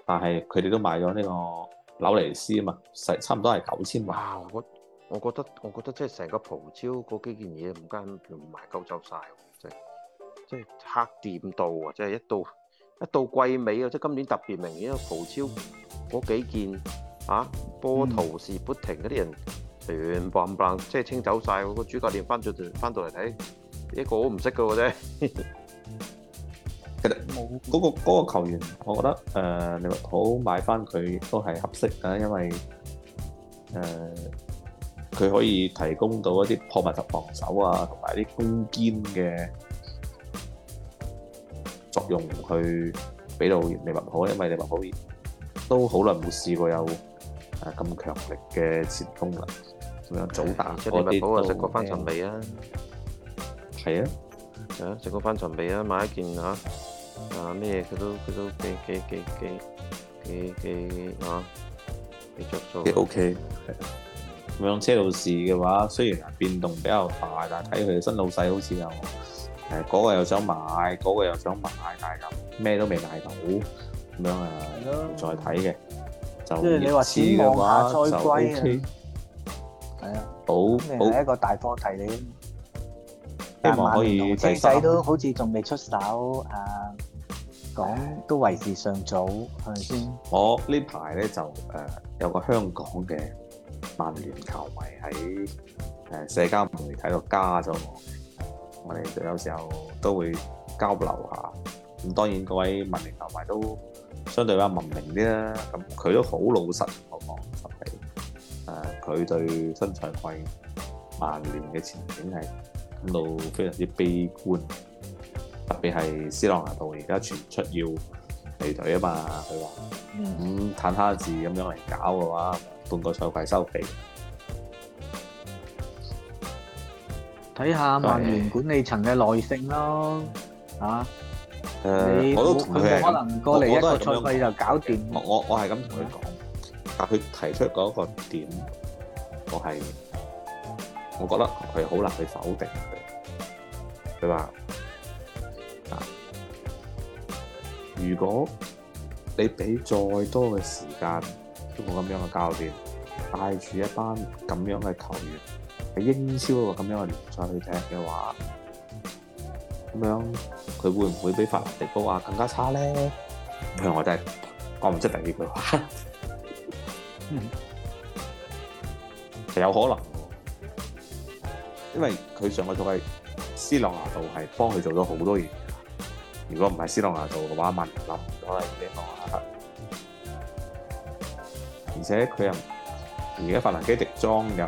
但係佢哋都買咗呢個紐尼斯啊嘛，差唔多係九千萬。哇，我我覺得，我覺得即係成個葡超嗰幾件嘢唔間唔夠就晒、是，即係即係黑店到啊，即、就、係、是、一到。一到季尾啊，即係今年特別明顯，葡超嗰幾件啊，波圖是不停嗰啲人亂 bang bang，即係清走曬個主教練翻咗，翻到嚟睇一個都唔識嘅喎啫。其實冇嗰個嗰個球員，我覺得誒，你好好買翻佢都係合適嘅，因為誒佢可以提供到一啲破密集防守啊，同埋啲攻堅嘅。用去俾到利物浦，因為利物浦都好耐冇試過有誒咁強力嘅前鋒啦，咁啊組打嗰啲都。利物浦啊，食過翻尋味啊，係啊，係啊，食過翻尋味啊，買一件嚇啊咩嘢，佢都佢都幾幾幾幾幾幾嚇，繼續做幾 OK 係啊。咁、啊啊 okay. 樣車路士嘅話，雖然啊變動比較大，但係睇佢新老細好似又。誒，嗰個又想買，嗰個又想問下價咁，咩都未買到，咁樣啊，再睇嘅，就次嘅話就 OK，係啊，保保一個大課題嚟，希望可以仔仔都好似仲未出手啊，講都為時尚早，係咪先？我呢排咧就誒有個香港嘅曼聯球迷喺誒社交媒體度加咗我。我哋就有時候都會交流下，咁當然各位文明球迷都相對話文明啲啦。咁佢都好老實，好望就係誒，佢對新賽季曼聯嘅前景係感到非常之悲觀，特別係斯朗拿度而家傳出要離隊啊嘛，佢話咁坦下字咁樣嚟搞嘅話，半個賽季收皮。睇下曼聯管理層嘅耐性咯，嚇、呃！誒，佢可能過嚟一個賽季就搞掂。我我係咁同佢講，但佢、啊、提出嗰個點，我係我覺得佢好難去否定佢。佢話，嗱、啊，如果你俾再多嘅時間，都冇咁樣嘅教練，帶住一班咁樣嘅球員。係英超喎，咁樣嘅聯賽嚟踢嘅話，咁樣佢會唔會比法蘭迪高啊更加差呢？我真係，我唔識第二句話。嗯 有可能，因為佢上個賽季 C 朗拿度，係幫佢做咗好多嘢。如果唔係 C 朗拿度嘅話，曼聯可能跌落去。而且佢又而家法蘭基迪裝又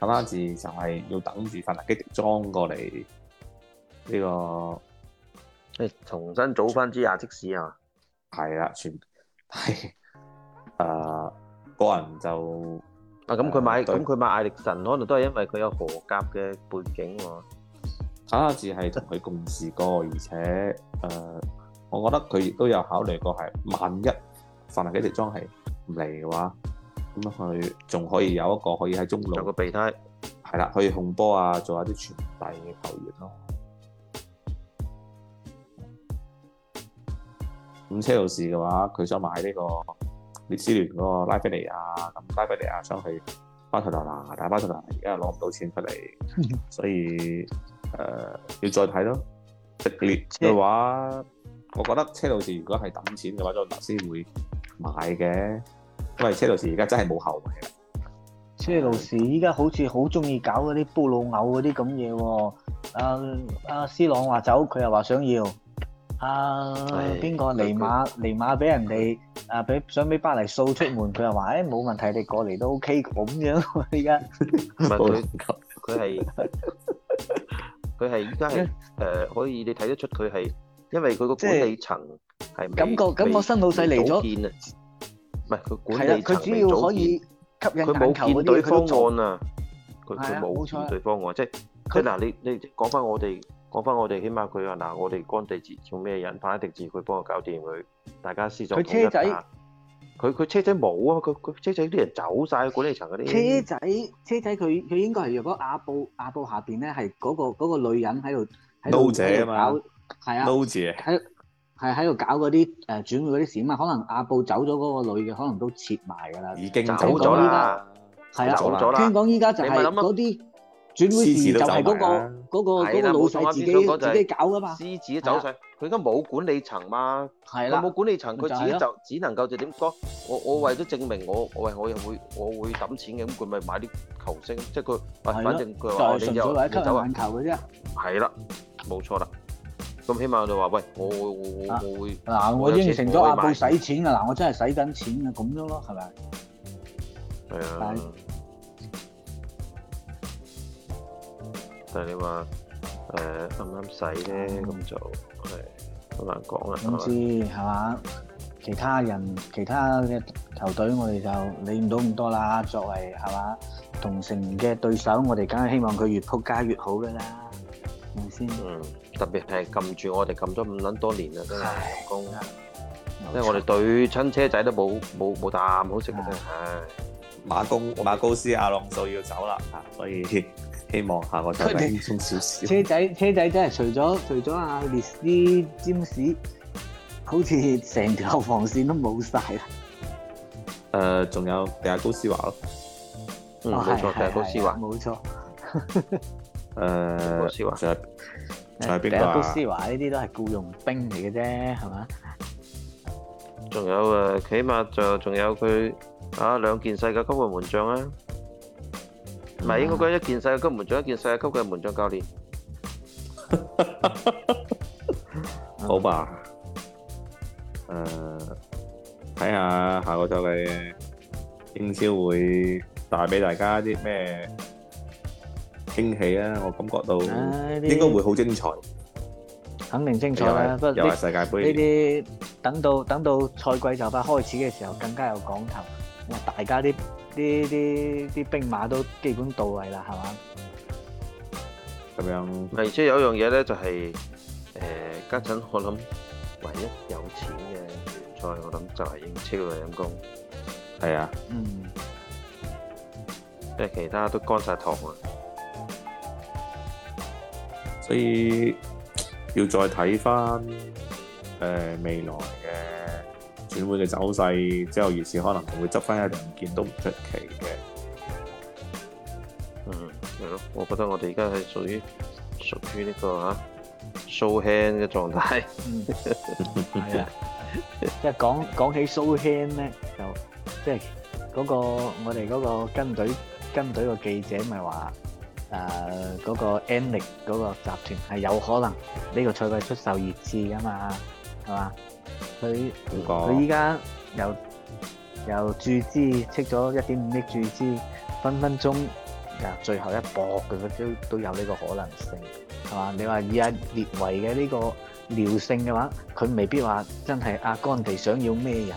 咁啱字就係要等住法蘭基迪莊過嚟呢、這個，即係重新組翻支阿積士啊！係啦，全係誒、呃、個人就啊咁佢買咁佢、呃、買艾歷臣可能都係因為佢有荷甲嘅背景喎、啊。咁啱字係同佢共事過，而且誒、呃，我覺得佢亦都有考慮過係萬一法蘭基迪莊係唔嚟嘅話。咁佢仲可以有一個可以喺中路有個備胎，係啦，可以控波啊，做一啲傳遞嘅球員咯。咁車路士嘅話，佢想買呢個列斯聯嗰個拉菲尼亞，咁拉菲尼亞想去巴塞羅那啦，但巴巴塞羅那而家攞唔到錢出嚟， 所以、呃、要再睇咯。直列嘅話，我覺得車路士如果係揼錢嘅話，就先會，會買嘅。因喂，車路士而家真係冇後。車路士依家好似好中意搞嗰啲波魯偶嗰啲咁嘢喎。阿、啊、阿、啊、斯朗話走，佢又話想要。阿邊個尼馬尼馬俾人哋啊？俾、哎啊、想俾巴黎掃出門，佢又話，哎，冇問題，你過嚟都 O、OK, K。咁樣依家。唔係佢，佢係佢係依家係誒， uh, 可以你睇得出佢係，因為佢個管理層係、就是、感覺感覺新老細嚟咗。見唔係佢管理層未組建，佢冇建隊方案啊！佢佢冇建隊方案，即係即係嗱，你你講翻我哋，講翻我哋，起碼佢話嗱，我哋乾地字做咩人反一啲字，佢幫我搞掂佢，大家思索一下。佢車仔，佢佢車仔冇啊！佢佢車仔啲人走曬管理層嗰啲。車仔車仔佢佢應該係若果阿布阿布下邊咧係嗰個嗰個女人喺度。no 姐啊嘛，係啊，no 姐喺。係喺度搞嗰啲誒轉會嗰啲事啊嘛，可能阿布走咗嗰個女嘅，可能都撤埋㗎啦，已經走咗啦。係啊，走咗啦。聽講依家就係諗嗰啲轉會事，就係嗰個嗰個嗰個老細自己自己搞㗎嘛。獅子走曬，佢而家冇管理層嘛。係啦，冇管理層，佢自己就只能夠就點講？我我為咗證明我我我又會我會揼錢嘅，咁佢咪買啲球星，即係佢。係咯。就純粹為出眼球㗎啫。係啦，冇錯啦。咁起碼我哋話喂，我我我會嗱，我已經成咗阿貝使錢噶啦！嗱，我真係使緊錢啊，咁樣咯，係咪？係啊。但係你話誒啱啱使咧？咁就係好難講啊。咁知係嘛？其他人其他嘅球隊，我哋就理唔到咁多啦。作為係嘛同城嘅對手，我哋梗係希望佢越撲街越好噶啦，係咪先？嗯。特別係撳住我哋撳咗咁撚多年啦，都係馬工，即係我哋對親車仔都冇冇冇啖好食嘅啫。唉，馬工馬高斯阿朗就要走啦嚇，所以希望下個賽季輕鬆少少。車仔車仔真係除咗除咗阿列斯占士，好似成條防線都冇曬啦。誒，仲有第阿高斯華咯。嗯，冇錯，第阿高斯華。冇錯。誒，高斯華？邊個啊？古思華呢啲都係僱傭兵嚟嘅啫，係嘛？仲有誒，起碼就仲有佢啊兩件世界級嘅門將啊，唔係應該講一件世界級門將，一件世界級嘅門將教練。好吧，誒，睇下下個周例英超會帶俾大家啲咩？驚喜啊！我感覺到應該會好精彩，肯定精彩啦！又係世界杯呢啲等到等到賽季就快開始嘅時候，更加有講頭。哇！大家啲啲啲啲兵馬都基本到位啦，係嘛？咁樣。係，即係有一樣嘢咧，就係誒，家陣我諗唯一有錢嘅聯賽，我諗就係英超嘅引攻。係啊。嗯。即係其他都乾曬塘啊！所以要再睇翻誒未來嘅轉會嘅走勢之後，二是可能係會執翻一兩件都唔出奇嘅。嗯，係咯，我覺得我哋而家係屬於屬於呢、呢個嚇 show hand 嘅狀態。嗯，係啊， 即係講講起 show hand 咧，就即係嗰個我哋嗰個跟隊跟隊個記者咪話。誒、uh, 嗰個 ENIC 嗰個集團係有可能呢個賽季出售熱刺㗎嘛，係嘛？佢佢依家又又注資，斥咗一點五億注資，分分鐘就最後一搏，佢都都有呢個可能性，係嘛？你話以阿列維嘅呢個尿性嘅話，佢未必話真係阿甘地想要咩人，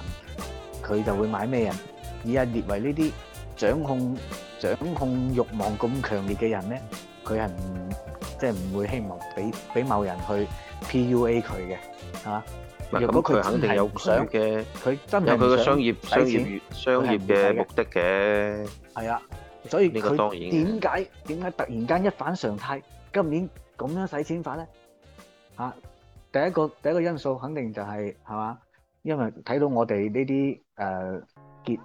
佢就會買咩人，嗯。以阿列維呢啲掌控。掌控慾望咁強烈嘅人咧，佢係唔即係唔會希望俾俾某人去 P.U.A 佢嘅，係嘛？唔係咁佢肯定有想嘅，佢真係有佢嘅商業商業商業嘅目的嘅。係啊，所以呢個當然點解點解突然間一反常態，今年咁樣使錢法咧？嚇，第一個第一個因素肯定就係係嘛，因為睇到我哋呢啲誒結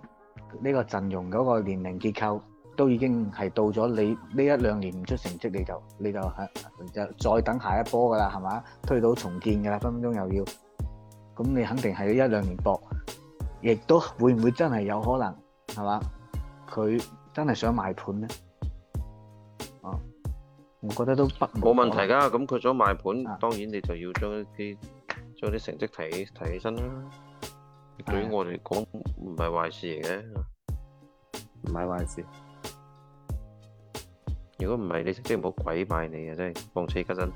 呢個陣容嗰個年齡結構。都已經係到咗你呢一兩年唔出成績，你就你就喺就再等下一波噶啦，係嘛？推到重建噶啦，分分鐘又要咁，你肯定係呢一兩年搏，亦都會唔會真係有可能係嘛？佢真係想賣盤咧？哦、啊，我覺得都不冇問題噶。咁佢想賣盤、啊，當然你就要將啲將啲成績提起提起身啦。對於我嚟講，唔係壞事嚟嘅，唔係壞事。如果唔係，你即係冇鬼買你啊！真係，況且家陣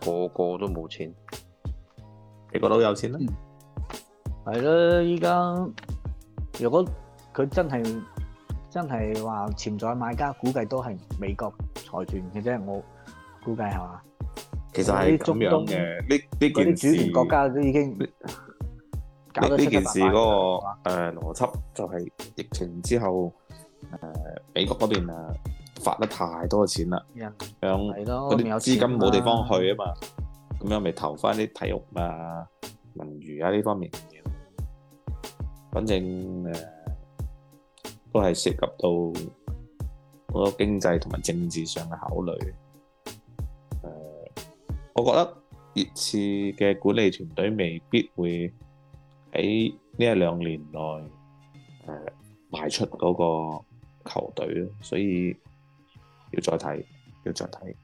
個個都冇錢，你覺得好有錢啦，係啦。依家如果佢真係真係話潛在買家，估計都係美國財團嘅啫。我估計係嘛？其實係中東嘅，呢呢幾件事，嗰啲主權國家都已經搞到出咗問題。呢件事嗰個誒邏輯就係疫情之後誒美國嗰邊誒。發得太多錢啦，響嗰啲資金冇地方去啊嘛，咁、啊、樣咪投翻啲體育啊、文娛啊呢方面。反正、呃、都係涉及到好多經濟同埋政治上嘅考慮、呃。我覺得熱刺嘅管理團隊未必會喺呢一兩年內誒賣、呃、出嗰個球隊所以。要再睇要再睇，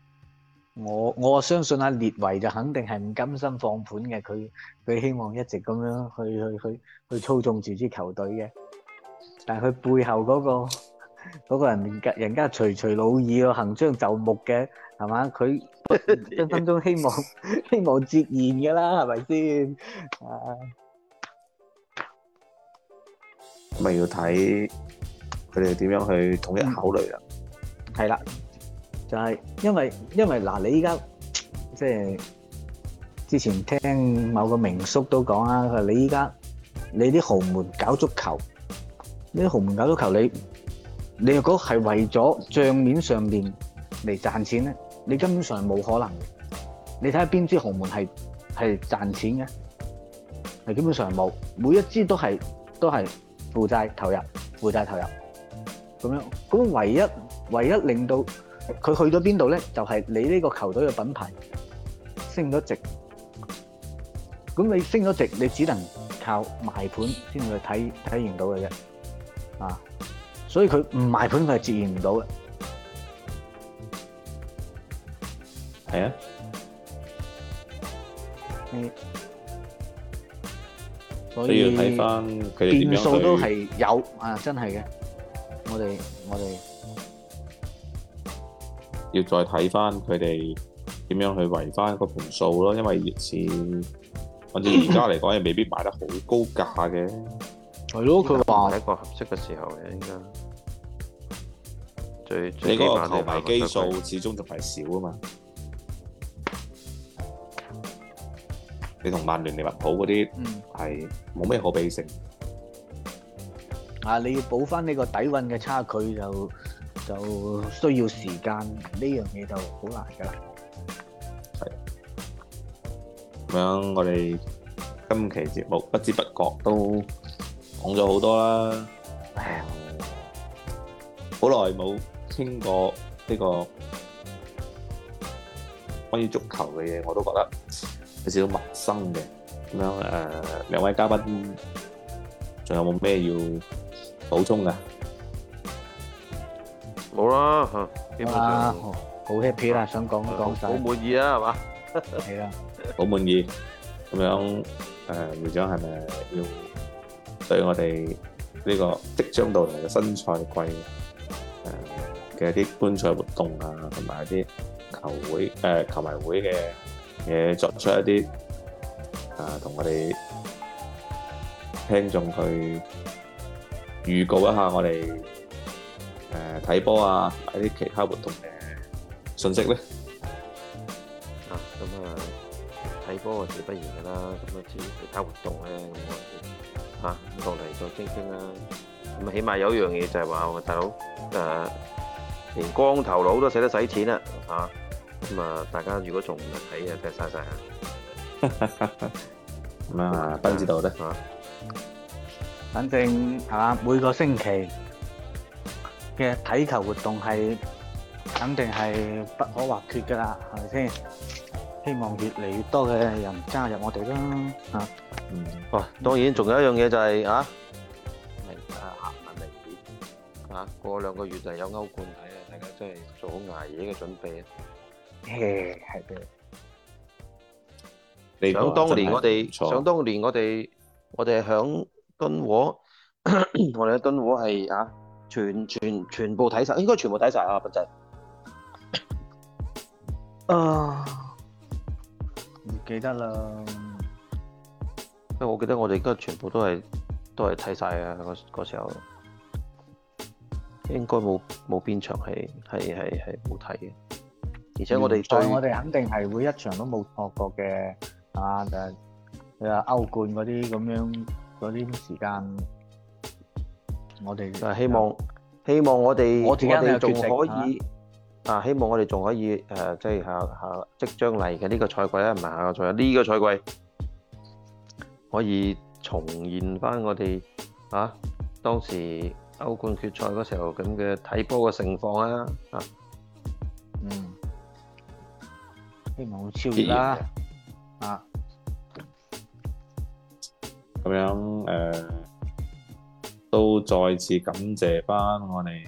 我我相信阿列維就肯定係唔甘心放盤嘅，佢佢希望一直咁樣去去去去操縱住支球隊嘅。但係佢背後嗰個嗰個人，人家垂垂老矣，行將就木嘅，係嘛？佢分分鐘希望希望接賢噶啦，係咪先？啊，咪要睇佢哋點樣去統一考慮啦。係啦。就係因為因為嗱，你依家即係之前聽某個名宿都講啊，佢話你依家你啲豪門搞足球，啲豪門搞足球，你你如果係為咗帳面上面嚟賺錢咧，你根本上冇可能。你睇下邊支豪門係係賺錢嘅，係基本上冇，每一支都係都係負債投入，負債投入咁樣。咁唯一唯一令到佢去咗邊度咧？就係你呢個球隊嘅品牌升咗值。咁你升咗值，你只能靠賣盤先去體體驗到嘅啫。啊，所以佢唔賣盤，佢係實現唔到嘅。係啊。所以。需要睇翻佢哋點樣去。變數都係有啊！真係嘅，我哋我哋。要再睇翻佢哋點樣去圍翻一個盤數咯，因為越似按照而家嚟講，又未必買得好高價嘅。係咯，佢話喺一個合適嘅時候咧，應該最，最基、就是、你個球迷基數始終就係少啊嘛。你同曼聯、利物浦嗰啲係冇咩可比性。啊，你要補翻呢個底蘊嘅差距就～就需要時間，呢樣嘢就好難㗎喇。咁樣，我哋今期節目不知不覺都講咗好多啦。好耐冇傾過呢個關於足球嘅嘢，我都覺得有少少陌生嘅。咁樣，呃，兩位嘉賓仲有冇咩要補充㗎？好啦，啊，好 happy 啦，想講講曬，好滿意啊，係嘛？係啊，好滿意。咁樣，誒，會長係咪要對我哋呢個即將到嚟嘅新賽季誒嘅一啲觀賽活動啊，同埋一啲球會誒球迷會嘅嘢作出一啲誒同我哋聽眾去預告一下我哋？誒睇波啊，睇啲其他活動嘅信息咧？啊，咁啊睇波自不然噶啦，咁啊至於其他活動咧，嚇同嚟再傾傾啦。咁啊，起碼有樣嘢就係話，大佬誒連光頭佬都捨得使錢啦，嚇咁啊，大家如果仲唔睇啊，真係嘥曬啊！咁啊，不知道咧嚇，反正嚇每個星期嘅睇球活動係肯定係不可或缺噶啦，係咪先？希望越嚟越多嘅人加入我哋啦。啊，嗯，哦，當然仲有一樣嘢就係啊，係啊，下下個月啊，過兩個月就係有歐冠睇啦，大家真係做好捱夜嘅準備啊！誒，係嘅。想當年我哋，想當年我哋，我哋係響敦和，我哋喺敦和係啊。全全全部睇晒，應該全部睇晒啊，斌仔。啊，唔記得啦。因為我記得我哋而家全部都係都係睇晒啊。嗰時候，應該冇冇邊場係係係係冇睇嘅。而且我哋最我哋肯定係會一場都冇錯過嘅。啊，你話歐冠嗰啲咁樣嗰啲時間。我哋啊，希望、嗯、希望我哋我哋仲可以啊，啊，希望我哋仲可以誒、呃，即係下下即將嚟嘅呢個賽季啊，唔係下個賽季，呢個賽季可以重現翻我哋啊當時歐冠決賽嗰時候咁嘅睇波嘅盛況啊啊嗯，希望超越啦啊，咁、啊、樣誒。嗯都再次感謝翻我哋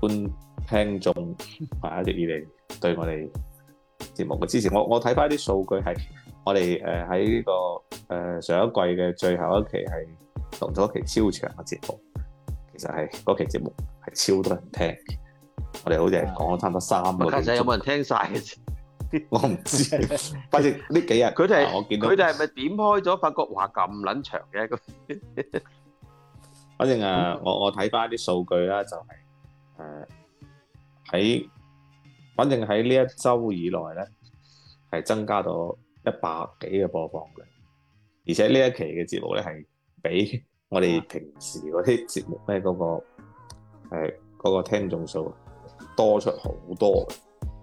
觀聽眾，係一直以嚟對我哋節目嘅支持。我我睇翻啲數據係，我哋誒喺呢個誒上一季嘅最後一期係錄咗期超長嘅節目，其實係嗰期節目係超多人聽。我哋好似係講咗差唔多三個幾鐘頭，其實有冇人聽晒？我唔知，反正呢幾日佢哋，我見到佢哋係咪點開咗，發覺話咁撚長嘅？反正、啊、我，我看睇翻啲數據啦，就係、是呃、在喺呢一周以來咧，係增加到一百幾嘅播放量，而且呢一期嘅節目咧係比我哋平時嗰啲節目咧、那、嗰個誒、啊那個欸那個、聽眾數多出好多，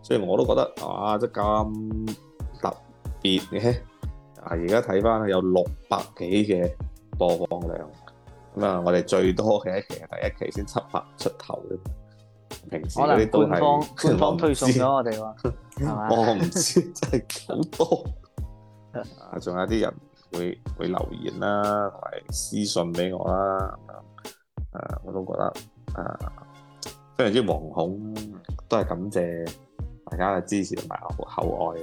所以我都覺得、啊、這即咁特別嘅。嗱、啊，而家睇翻有六百幾嘅播放量。咁啊！我哋最多嘅一期，第一期先七百出頭啫。平時嗰啲都係官，官方推送咗我哋喎 知。 我唔知 真係好多。啊，仲有啲人會會留言啦，同埋私信俾我啦。誒、啊，我都覺得誒、啊、非常之惶恐，都係感謝大家嘅支持同埋厚愛。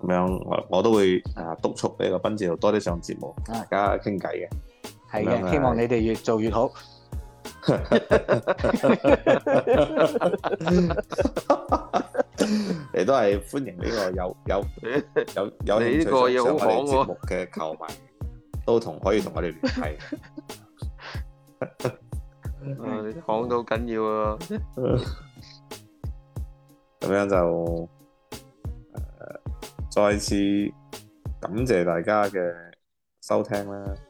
咁樣我我都會誒、啊、督促呢個斌指導多啲上節目，大家傾偈嘅。係嘅，希望你哋越做越好。你都係歡迎呢個有有有有興趣想嚟節目嘅球迷，都同可以同我哋聯繫。講到緊要啊！咁樣就誒，再次感謝大家嘅收聽啦～